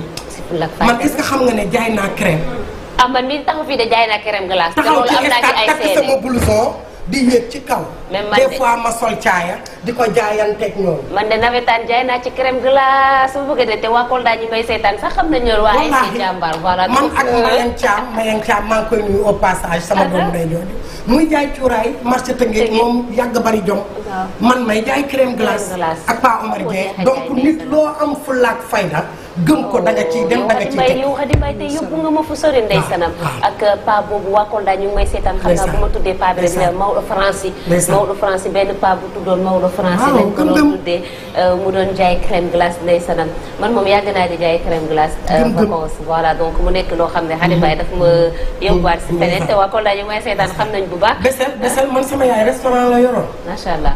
man est-ce que xam nga ne jaay naa crème ah man mi taxaw fii de jaay naa crème glace taxaw ci takk sama blouson di yéeg ci kaw. même man de des ma sol caaya di ko jaayanteeg ñoom. man de nawetaan jaay naa ci crème glace su ma bëggee te waa Kolda ñi may seetaan sax xam nañu ne waa ASC jàmbaar. voilà man ak euh, Mayen Thiam Mayen Thiam maa ngi koy nuyu au passage sama ah, ah. doom day jooju. muy jaay cuuraay marché Tëngéej moom yàgg bari jom. man may jaay crème glace. ak Pa Omar Dieng donc nit loo am fulla ak fayda. gëm ko da nga ciy dem da nga ciy teg yow Khady nga ma fu sori ndeysanam ah, ah. ak euh, pa boobu waa Kolda ñu ngi may seetaan xam naa bu pa bi rek ne Maodo Franci Maodo Franci benn pa bu tuddoon Maodo Franci lañ ko doon tuddee euh, mu doon jaay crème yàgg naa di jaay crème glace euh, vacance voilà donc mu nekk loo xam ne Khady ma mm-hmm. yóbbuwaat si feneen mm-hmm. te waa Kolda ñu nañ bu baax besel besel man sama yaay restaurant la yoroon macha allah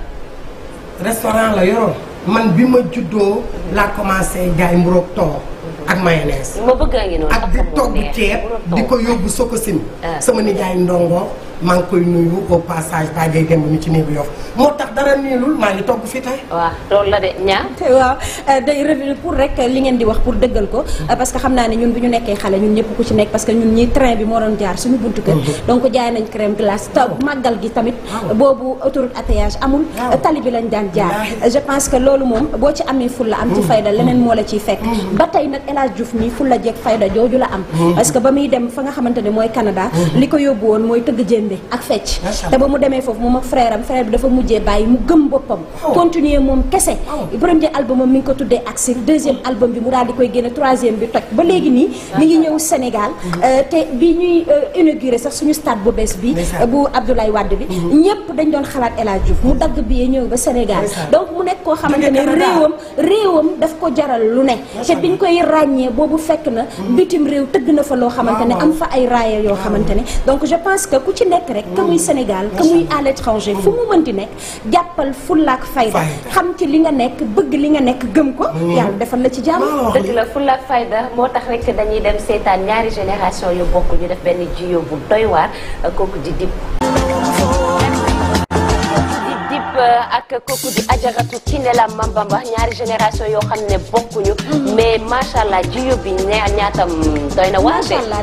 restaurant la yoroon man bi ma juddoo laa commencé jaay mburoog ton ak mayonnaise. ma bëgg ak di togg ceeb di ko yóbbu Sococim. Ah. sama nijaay ndongo. maa ngi koy nuyu au passage Pagay Demba mi ci néegu Yoff moo tax dara niilul maa ngi togg fii tey. waaw loolu la de ñaa. waaw euh, day revenir pour rek li ngeen di wax pour dëggal ko mm-hmm. parce que xam naa ne ñun bu ñu nekkee xale ñun ñëpp ku ci nekk parce que ñun ñi train bi moo doon jaar suñu buntu kër. Mm-hmm. donc jaay nañ crème glace taw oh. màggal gi tamit. boobu autoroute atayage amul. tali bi lañ daan jaar. je pense que loolu moom boo ci amee fulla am ci mm-hmm. fayda leneen moo la ciy fekk. ba dem fa nga xamante ne mooy Canada. li ko yërmande ak fecc te ba mu demee foofu moom ak frère am frère bi dafa mujjee bàyyi mu gëm boppam ah continuer moom kese premier ah album ko tuddee ak si deuxième oh. album bi mu daal di koy génne troisième bi toj ba léegi nii mi ngi ñëw Sénégal mm-hmm. euh, te bi ñuy euh, inauguré sax suñu stade bu bees bi bu Abdoulaye Wade bi mm-hmm. ñëpp dañ doon xalaat El Hadj mu dagg bi ñëw ba Sénégal donc mu nekk koo xamante ne réewam réewam daf ko jaral lu ne te biñ koy ràññee boobu fekk na mm-hmm. bitim réew tëgg na fa loo xamante ne ah am fa ay raaya yoo xamante nekk rek que muy Sénégal que muy à l'étranger fu mu mënti nekk jàppal fullaak fayda xam ci li nga nekk bëgg li nga nekk gëm ko mm-hmm. yàlla defal na ci jàmm dëgg la fullaak fayda moo tax rek dañuy dem seetaan ñaari génération yu bokk ñu def benn jiyoo bu doy waar kooku di dib ak kooku di ajaratu Kiné la Mamba Mbax ñaari génération yoo xam ne bokkuñu. Mhm. mais macha allah jiw bi ñaatam doy na waar de. macha allah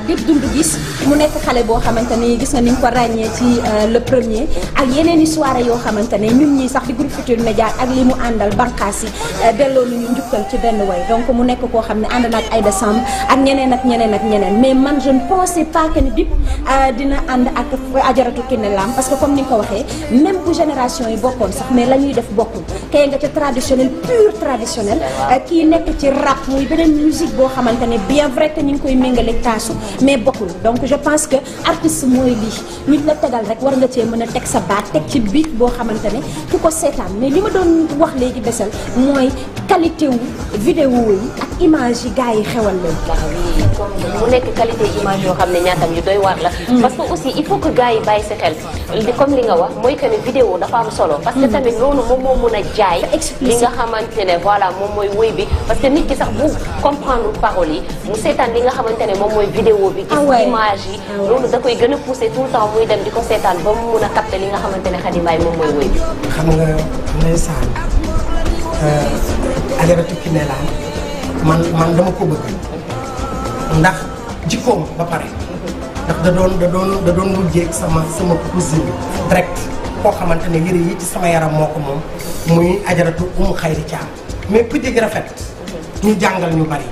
gis mu nekk xale boo xamante ni gis nga ni ko ràññee ci euh, le premier. ak yeneen i soirée yoo xamante ne ñun ñii sax di groupe Futurs Médias ak li mu àndal bànqaas yi euh, delloo nañu njukkal ci benn way donc mu nekk koo xam ne ànd na ak Aïda Samb ak ñeneen ak ñeneen ak ñeneen mais man je ne pensais pas que ni euh, ajaratu Kiné parce que comme ni nga ko waxee même bu génération yi bokk bokkoon sax mais la ñuy def bokkul kay nga ca traditionnel pur traditionnel euh, kii nekk ci rap muy beneen musique boo xamante ne bien vrai que ñu ngi koy méngale taasu mais bokkul donc je pense que artiste mooy lii nit la tegal rek war nga cee mën a teg sa baat teg ci biit boo xamante ne ku ko seetaan mais li ma doon wax léegi besal mooy qualité wu vidéo yi ak image yi gars yi xewal leen ah mu nekk qualité image yoo xam ne ñaatam yu doy waar la mm. parce que aussi il faut que gars yi bàyyi sa xel comme li nga wax mooy te tamit loolu moom moo mun a jaay li nga xamante ne voilà moom mooy woy bi parce que nit ki sax bu comprendre parole yi mu seetaan li nga xamante ne moom mooy vidéo bi ah gis image ah loolu da koy gën a poussé tout le temps muy dem di ko seetaan ba mu mun a capté li nga xamante ne Khady Mbaye moom mooy woy bi xam nga ndeysaan euh, Ajaratu Kiné Lam man man dama ko bëgg ndax jikkoom ba pare ndax da doon da doon da doon mujjee sama sama cousine direct koo xamante ne yëre yi ci sama yaram moo ko moom muy ajaratu umu xayri caam mais pëjëg rafet ñu jàngal ñu bari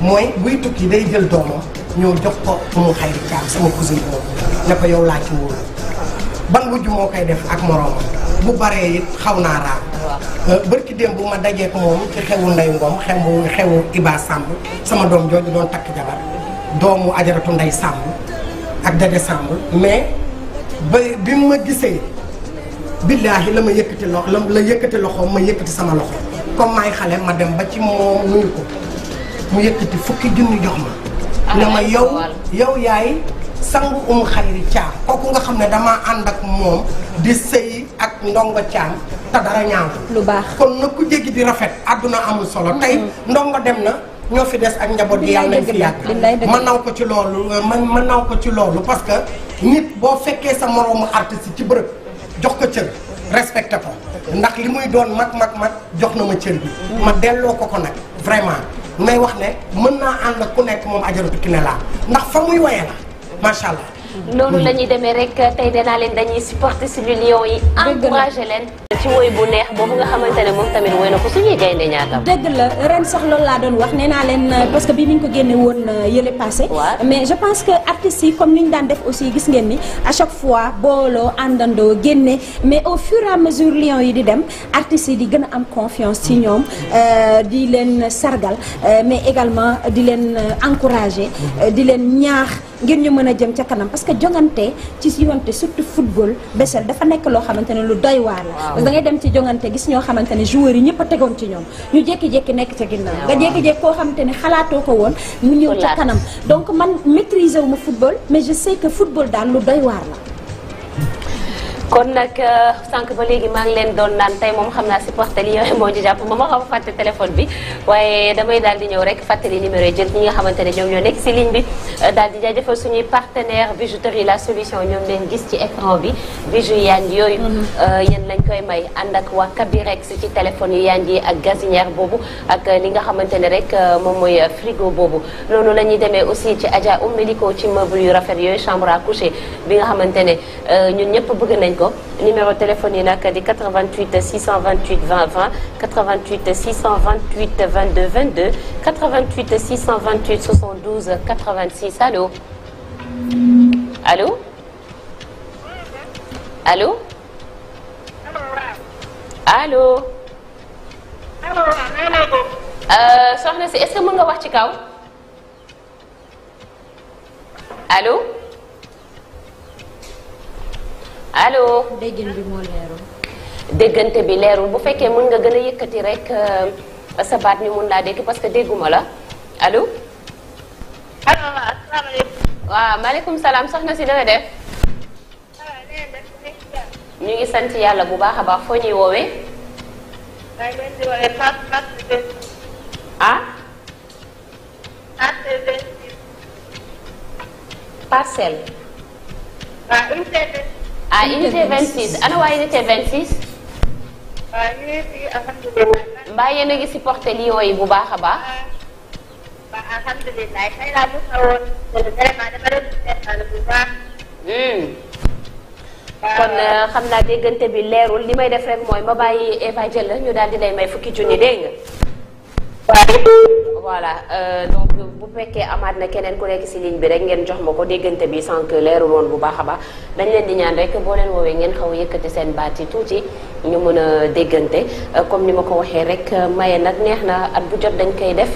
mooy buy tukki day jël doomam ñoo jox ko umu xayri caam sama cousin boobu ne ko yow laa ci wóolu ban wujj moo koy def ak moroomam bu baree xaw naa raam euh, bërki démb bu ma dajee ko moom ci xewu nday ngoom xewu xewu Iba Samb sama doom jooju doon takk jabar doomu ajaratu nday Samb ak dade Samb mais ba bi ma gisee billaahi la ma yëkkati loxo la la yëkkati loxo ma yëkkati sama loxo comme may xale ma dem ba ci moom nuyu ko mu yëkkati fukki junni jox ma ne ma yow yow yaay sangu um xayri caam kooku nga xam ne dama ànd ak moom di sëy ak ndongo caam te dara lu baax kon na ku jéggi di rafet àdduna amul solo tey ndongo dem na ñoo fi des ak njaboot yi yàlla nañ fi yàgg ma naw ko ci loolu ma ma naw ko ci loolu parce que nit boo fekkee sa moroomu artiste ci bërëb jox ko cër respecté ko ndax li muy doon mag mag mag jox na ma cër bi ma delloo ko ko nag vraiment may wax ne mën naa ànd ak ku nekk moom ajaratu ne laa ndax fa muy woyee la macha allah noonu la ñuy demee rek tey danaa leen dañuy supporter suñu lion yi encouragé leen ci woy bu neex boobu nga xamante ne moom tamit woy na ko suñuy gaynde ñaatam dëgg la ren sax loolu laa doon wax nee leen parce que bi mi ngi ko génne woon euh, yële passé mais je pense que artistes yi comme ni ñu daan def aussi gis ngeen ni à chaque fois booloo àndandoo génne mais au fur et à mesure lion yi di dem artistes yi di gën a am confiance ci ñoom euh, di leen sargal euh, mais également di leen encourager di leen ñaax ngir ñu mën a jëm ca kanam parce que jongante ci yoonte surtout football Bessél dafa nekk loo xamante ne lu doy waar la da ngay dem ci jongante gis ñoo xamante ne joueurs yi ñëpp a tegoon ci ñoom ñu jékki-jékki nekk ca ginnaaw nga jékki-jékki koo xamante ne xalaatoo ko woon mu ñëw ca kanam donc man maîtriser wu ma football mais je sais football daal lu doy waar la kon nag euh, sànq ba léegi maa ngi leen doon naan tey moom xam naa si portel yooyu <laughs> moo ci jàpp ma ma xaw fàtte téléphone bi waaye damay daal di ñëw rek fàttali numéro yi jël ñi nga xamante ne ñoom ñoo nekk si ligne bi euh, daal di jaajëfal suñuy partenaire bijouterie la solution ñoom leen gis ci écran bi bijou yanj yooyu mhm. euh, yéen lañ koy may ànd ak waa Kabirex ci téléphone yu yanj yi ak gazinière boobu ak li nga xamante ne rek moom mooy frigo boobu noonu la ñuy demee aussi ci Adja Oumeliko ci meuble yu rafet yooyu chambre à bi nga xamante ne ñun ñëpp bëgg nañ ko numéro téléphone yi nag di 88 628 20 20 88 628 22 22 88 628 72 86 allo allo allo allo. soxna si est-ce que mën nga wax ci kaw allo. allo. déggante bi moo leerul. bu fekkee mën nga gën a yëkkati rek euh, sa baat ñu mun laa dégg parce que dégguma la allo. allo waaw maaleykum salaam soxna si danga def. ñu ngi sant yàlla bu baax a baax foo ñuy woowee. ah. parcelle. ah unité 26 ana waa unité 26. waaw ñu ngi fi mbaa yéen a ngi supporté lii bu baax a baax. waaw alhamdulilah tey kon euh, xam naa déggante bi leerul li may def rek mooy ma bàyyi Eva la ñu daal di lay may fukki junni dégg nga. voilà euh, donc bu fekkee amaat na keneen ku nekk si ligne bi rek ngeen jox ma ko déggante bi sànq leerul woon bu baax a baax dañ leen di ñaan rek boo woowee ngeen xaw a yëkkati baat yi tuuti ñu mën a déggante euh, comme ni ma ko waxee rek euh, maye nag neex na at bu jot dañ koy def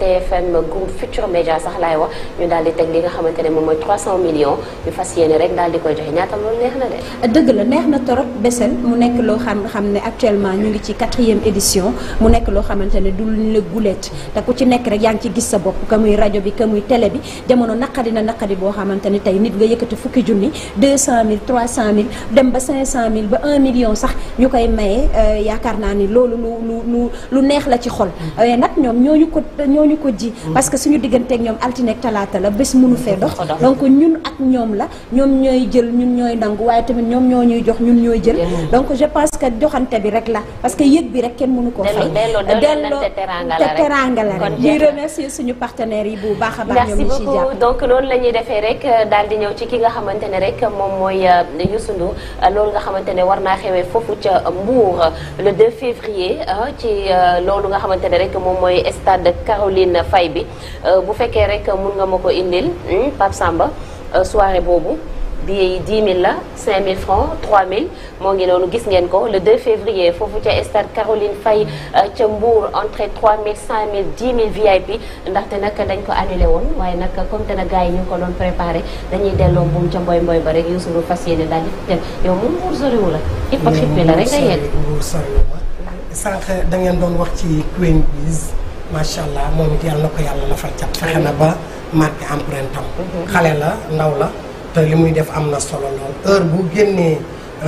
TFM groupe Futur Média sax laay wax ñu daal di teg li nga xamante ne moom mooy 300 millions ñu fas yéene rek daal di koy joxe ñaata loolu neex na de. dëgg la neex na torop Bessél mu nekk loo xam xam ne actuellement ñu ngi ci quatrième édition mu nekk loo xamante ne lu ne gulet te ku ci nekk rek yaa ngi ci gis sa bopp ka muy rajo bi ka muy télé bi jamono naqadi na naqadi boo xamante ni tey nit nga yëkkati fukki junni 200000 300000 dem ba 500000 ba 1 million sax ñu koy maye euh, yaakaar naa ni loolu lu lu lu lu neex la ci xol waaye mm-hmm. euh, nag ñoom ñooñu ko ñooñu ko ji mm-hmm. parce que suñu digganteek ñoom altine ak talaata la bés mënu fee dox mm-hmm. donc ñun ak ñoom la ñoom ñooy jël ñun ñooy nangu waaye tamit ñoom ñoo ñuy jox ñun ñooy jël donc je pense que joxante bi rek la parce que yëg bi rek kenn mënu koo fay delloo teranga la rek te remercier suñu partenaires yi bu baax a baax. ñoom ñu merci beaucoup donc noonu la ñuy defee rek daal di ñëw ci ki nga xamante ne rek moom mooy euh, Youssou Ndour loolu nga xamante ne war naa xewee foofu ca Mbour le 2 février euh, ci euh, loolu nga xamante ne rek moom mooy stade Caroline fay bi bu fekkee rek mun nga ma ko indil hmm, Pape Samba soirée boobu. billets yi 10 la 5 000 francs 3 000 moo ngi noonu gis ngeen ko le 2 février foofu ca stade Caroline Faye euh, ca Mbour entrée 3 000 5 000 10 000 VIP ndaxte nag dañ ko annulé woon waaye nag comme te na gars yi ñu ko doon préparé dañuy delloo mbuum ca mboy mboy ba rek Youssou Ndour fas yéene daal di dem yow moom Mbour soriwu la. yëpp a xippi la rek nga yegg Mbour soriwu ma sànq da ngeen doon wax ci Queen Biz macha allah moom it yàlla ko yàlla la mm-hmm. fay na ba marqué empreinte am. Mm-hmm. la ndaw la. te li muy def am na solo lool heure bu génnee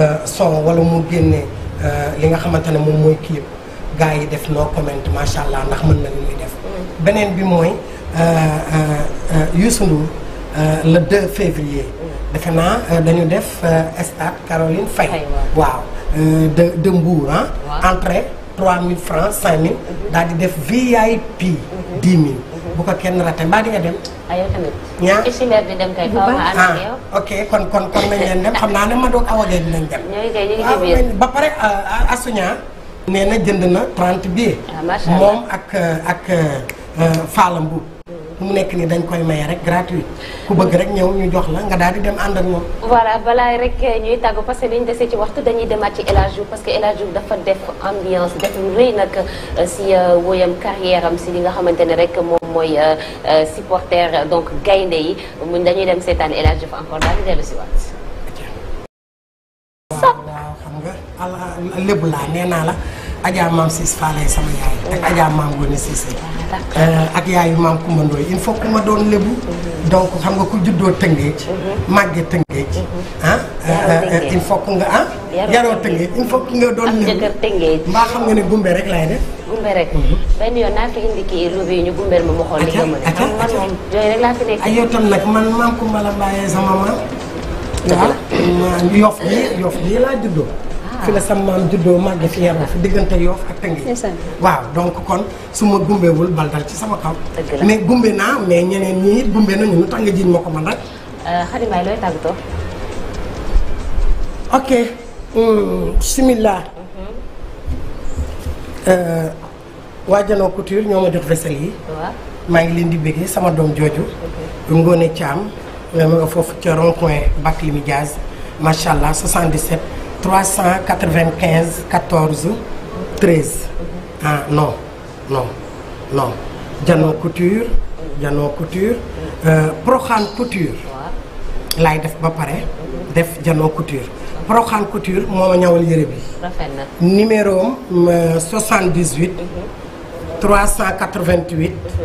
euh, son wala mu génnee euh, li nga xamante ne moom mooy kii yëpp gaa yi def no comment macha allah ndax mën na li muy def. Mm. beneen bi mooy euh, Youssou Ndour le 2 février. Mm. defe naa dañu def stade Caroline Faye. waaw de de Mbour ah. entrée 3000 francs 5000. Mm-hmm. daal di def VIP 10 mm-hmm. mille bu ko kenn raté mbaa di nga dem. aywa ah, tamit. ñaa estimaire bi dem ah, ok kon kon kon nañ leen dem xam naa ne ma doog awagee dinañ dem. Ah, ba pare Asuña. nee na jënd na 30 billets. moom ak euh, ak euh, euh, bu mu nekk nii dañ koy maye rek gratuit ku bëgg rek ñëw ñu jox la nga daal di dem ànd ak moom. voilà balaa rek ñuy tàggu parce que liñ desee ci waxtu dañuy demaat ci El Hadj parce que El Hadj Diouf dafa def ambiance def lu rëy nag euh, si euh, woyam carrière am si li nga xamante ne rek moom mooy euh, supporter donc gaynde yi muñ dañuy dem seetaan El Hadj Diouf encore daal di dellu si waat. waaw xam nga lébu laa nee naa la. Adja maam Ciss Fallay sama yaay. ak Adja maam Ngoné Cissé. Euh, ak yaayu maam Kumba Ndoye il faut que ma doon lébu. Mhm. donc xam nga ko juddoo Tëngéej. Mhm. màggee Tëngéej. Mhm. ah euh, euh, il faut que nga ah. yaroo Tëngéej il faut que nga doon lébu jëkkër Tëngéej. mbaa xam nga ne gumbe rek laay def. gumbe rek. benn yoon naa ma a. yooyu tam nag man maam Kumba la bàyyee sama maam. dëgg la waaw ah, yof laa juddoo. fi la sa maam juddoo màgg fi yaroo fi diggante Yoof ak Tëngéej waaw donc kon su ma gumbewul bal ci sama kaw mais gumbe naa mais ñeneen ñi it gumbe nañu lu tax nga jiñ ma ko man rek euh, Khady Mbaye ok hmm, bismillah mhm. euh, waa Janoo Couture ñoo ma jox vaisselle yi maa ngi leen di bëggee sama doom jooju Ngoone Thiam ma nga foofu ca rond point Barthélémy Dias macha allah 77 395 14 13 ah non non non janoo couture janoo couture euh, proxaan couture laay def ba pare def janoo couture proxaan couture moo ma ñawal yëre bi numéro am 78 388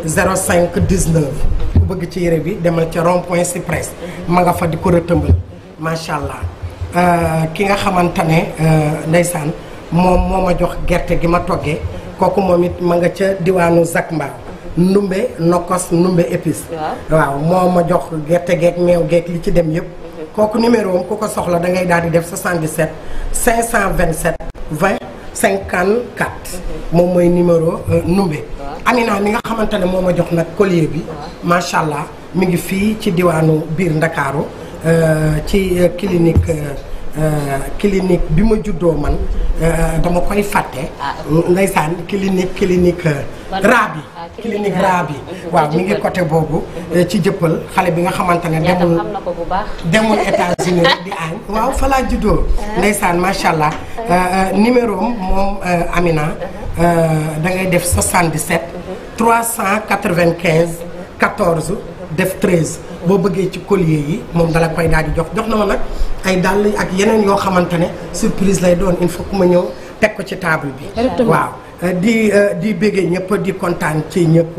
05 19 ku bëgg ci yére bi demal ca rond point cyprès ma nga fa di ko rëtëmbal macha allah Euh, ki nga xamante ne euh, ndeysaan moom moo ma jox gerte gi ma toggee kooku moom it ma nga ca diwaanu Zac Mbao ndumbe nokkos ndumbe épice waaw moo ma jox gerte geeg meew geeg li ci dem yëpp mhm. kooku numéro am ku ko soxla dangay daal di def 77 527 20 54 moom mooy numéro euh, ndumbe Amina mi nga xamante ne moo ma jox nag collier bi macha allah mi ngi fii ci diwaanu biir Ndakaaru ci clinique Euh, clinique bi ma juddoo man euh, dama koy fàtte. Ah, ndeysaan clinique clinique euh, Rabi. Ah, clinique Rabi waaw mi ngi côté boobu. ci jëppal xale bi nga xamante ne demul demul États-Unis di añ <laughs> waaw fa juddoo. Ah. ndeysaan macha allah numéro moom Amina da ngay def 77. 395 14. def treize. boo bëggee ci collier yi moom dala koy daal di jox jox na ma nag ay dàll ak yeneen yoo xamante ne surprise lay doon il faut ma ñëw teg ko ci table bi. waaw euh, di euh, di bëggee ñëpp di kontaan ci ñëpp.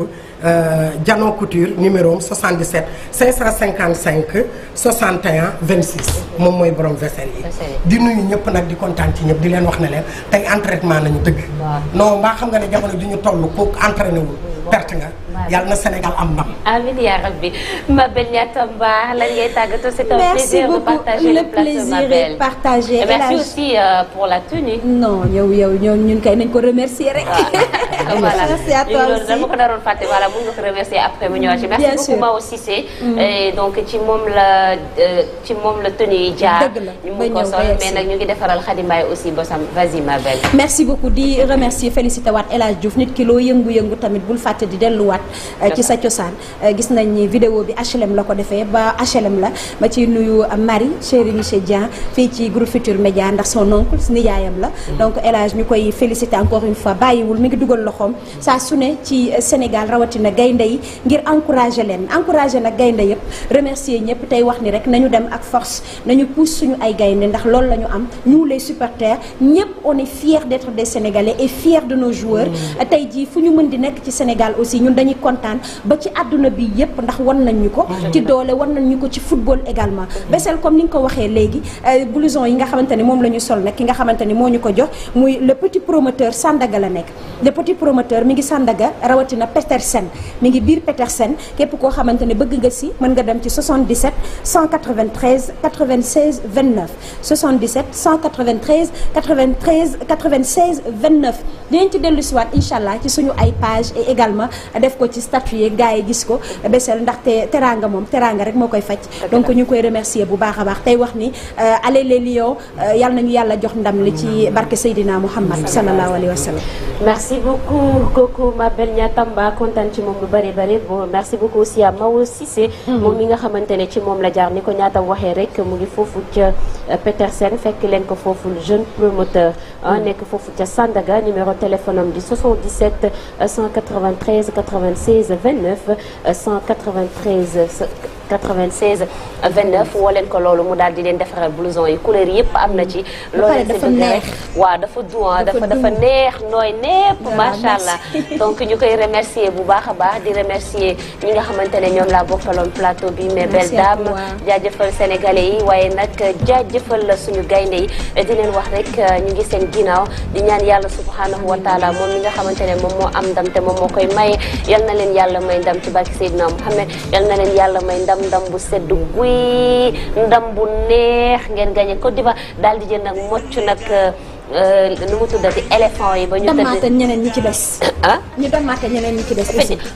Diano euh, Couture numéro am 77 555 61 26 moom mooy borom vaisselle yi. di nuyu ñëpp nag di kontaan ci ñëpp di leen wax ne leen tey entraînement nañu dëgg. non mbaa xam nga ne jamono ju ñu toll kooku entraîné wul. perte nga. yàlla na Sénégal am ndam. amiin yaa rabbi ma belle Ndiatta Tamba lan ngay tàggatoo c'est un plaisir de partager le plateau ma belle. partagé merci aussi euh, pour ñun kay nañ ko remercier rek. voilà <laughs> merci à toi aussi dama ko naroon fàtte voilà mun nga ko remercier après mu ñëwaat ci. merci beaucoup Mao Cissé. Mm. donc ci moom la euh, ci moom la tenue yi jaar. dëgg la ko sol mais merci beaucoup di remercier félicité waat El Hadj nit ki loo yëngu-yëngu tamit bul fàtte fàtte di delluwaat eh, ci sa cosaan eh, gis nañ ni vidéo bi HLM la ko defee ba HLM la ma ciy nuyu euh, Marie chérie monsieur Dieng fii ci groupe Futur Média ndax son oncle nijaayam la mm. donc El ñu koy félicité encore une fois bàyyiwul mi ngi dugal loxoom mm. saa su ne ci euh, Sénégal rawatina gaynde yi ngir encourager leen encourager nag gaynde yëpp remercier ñëpp tey wax ni rek nañu dem ak force nañu pousse suñu ay gaynde ndax loolu la ñu am ñu les supporters ñëpp on est fiers d'être des et fiers de nos joueurs mm. tey jii fu ci Sénégal Sénégal aussi ñun dañuy kontaan ba ci àdduna bi yëpp ndax wan nañ ñu ko ci doole wan nañ ñu ko ci football également Bessel comme ni nga ko waxee léegi blouson yi nga xamante ne moom la ñu sol nag ki nga xamante ne moo ñu ko jox muy le petit promoteur Sandaga la nekk le petit promoteur mi ngi Sandaga rawatina Petersen mi ngi biir Petersen képp koo xamante ne bëgg nga si mën nga dem ci 77 193 96 29 77 193 93 96 29 dinañ ci dellu siwaat incha allah ci suñu ay page et ma def ko ci statut yi gars gis ko Bessél ndaxte teranga moom teranga rek moo koy faj donc ñu ngi koy remercier bu baax a baax tey wax ni euh, allez les lions euh, yàlla nañu yàlla jox ndam li ci barke Seydina Muhammad sallallahu alayhi wa sallam merci beaucoup kooku ma belle Niatamba mhm. moom mi nga xamante ne ci moom la jaar ni ko ñaatam waxee rek mu ngi foofu ca euh, Petersen fekk leen ko foofu jeune promoteur Ah, nekk foofu ca Sandaga numéro téléphone am di 77 193 96 29 193 96 29 woo leen ko loolu mu daal di leen defaral blouson yi couleur yëpp am na ci. loolu leen si bëgg rek waaw dafa duan ah, dafa dafa neex nooy nepp ah, macha allah donc ñu koy remercier bu baax a baax di remercier ñi nga xamante ne ñoom laa bokkaloon plateau bi mais belle dame jaajëfal sénégalais yi waaye nag jaajëfal la suñu gaynde yi di leen wax rek euh, ñu ngi seen ginnaaw di ñaan yàlla subhanahu wa taala moom mi nga xamante ne moom moo am ndam te moom moo koy maye yal na leen yàlla may ndam ci barke Seydina Muhammad yal na leen yàlla may ndam am bu sedd guy ndam bu neex ngeen gagné Côte d'Ivoire daal di jël nag mocc Euh, nu mu tuddati éléphant yi ba ñu. tëdd ñeneen ñi ci des. ah ñu damaate ñeneen ñi ci des.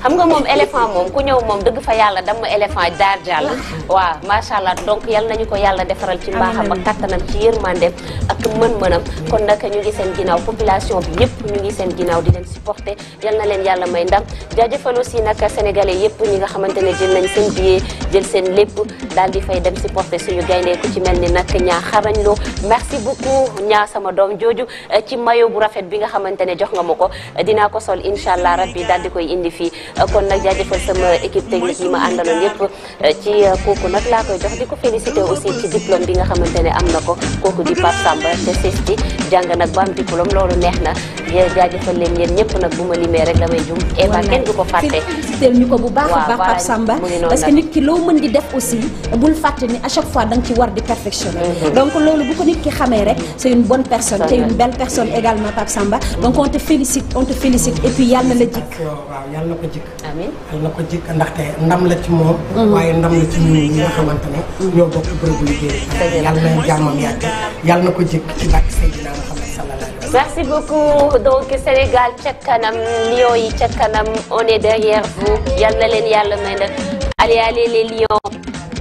xam nga moom éléphant moom ku ñëw moom dëgg fa yàlla damm éléphant daar jàll. waa macha allah donc yal nañu ko yàlla defaral ci mbaaxam ak kattanam ci yërmandeem ak mën-mënam. kon nag ñu ngi seen ginnaaw population bi yëpp ñu ngi seen ginnaaw di leen supporter yal na leen yàlla may ndam jaajëfal aussi nag sénégalais yëpp ñi nga xamante ne jël nañ seen billet jël seen lépp daal di fay dem supporter suñu gaynde ci mel ni nag ñaa xarañ loo jooju eh, ci mayo bu rafet bi nga xamante ne jox nga ma ko eh, dinaa ko sol incha allah yi daal di koy indi fii eh, kon nag jaajëfal sama équipe technique yi ma àndaloon yépp ci kooku nag laa koy jox di ko félicité aussi ci diplôme bi nga xamante ne am na ko kooku di Pape Samba te sees di jàng nag ba diplôme loolu neex na jaajëfal leen yéen ñëpp nag bu ma limee rek damay jum Eva kenn du ko fàtte félicité ñu ko bu baax a baax Samba parce que nit ki loo mën di def aussi bul fàtte ni à chaque fois da ci war di perfectionner mm-hmm. donc loolu bu ko nit es une belle personne également Pape Samba donc on te félicite on te félicite et yàlla la jikk yàlla na ko jikk amiin yàlla ko jikk ndaxte ndam la ci moom mhm. waaye ndam la ci ñun yi nga xamante ne ñoo bokk bërëbu liggéey yàlla na jàmmam yàgg yàlla na ko jikk ci bàkk Seydina Muhammad sallallahu alayhi wa sallam merci beaucoup donc Sénégal ca yàlla leen yàlla may nag allez allez les Lions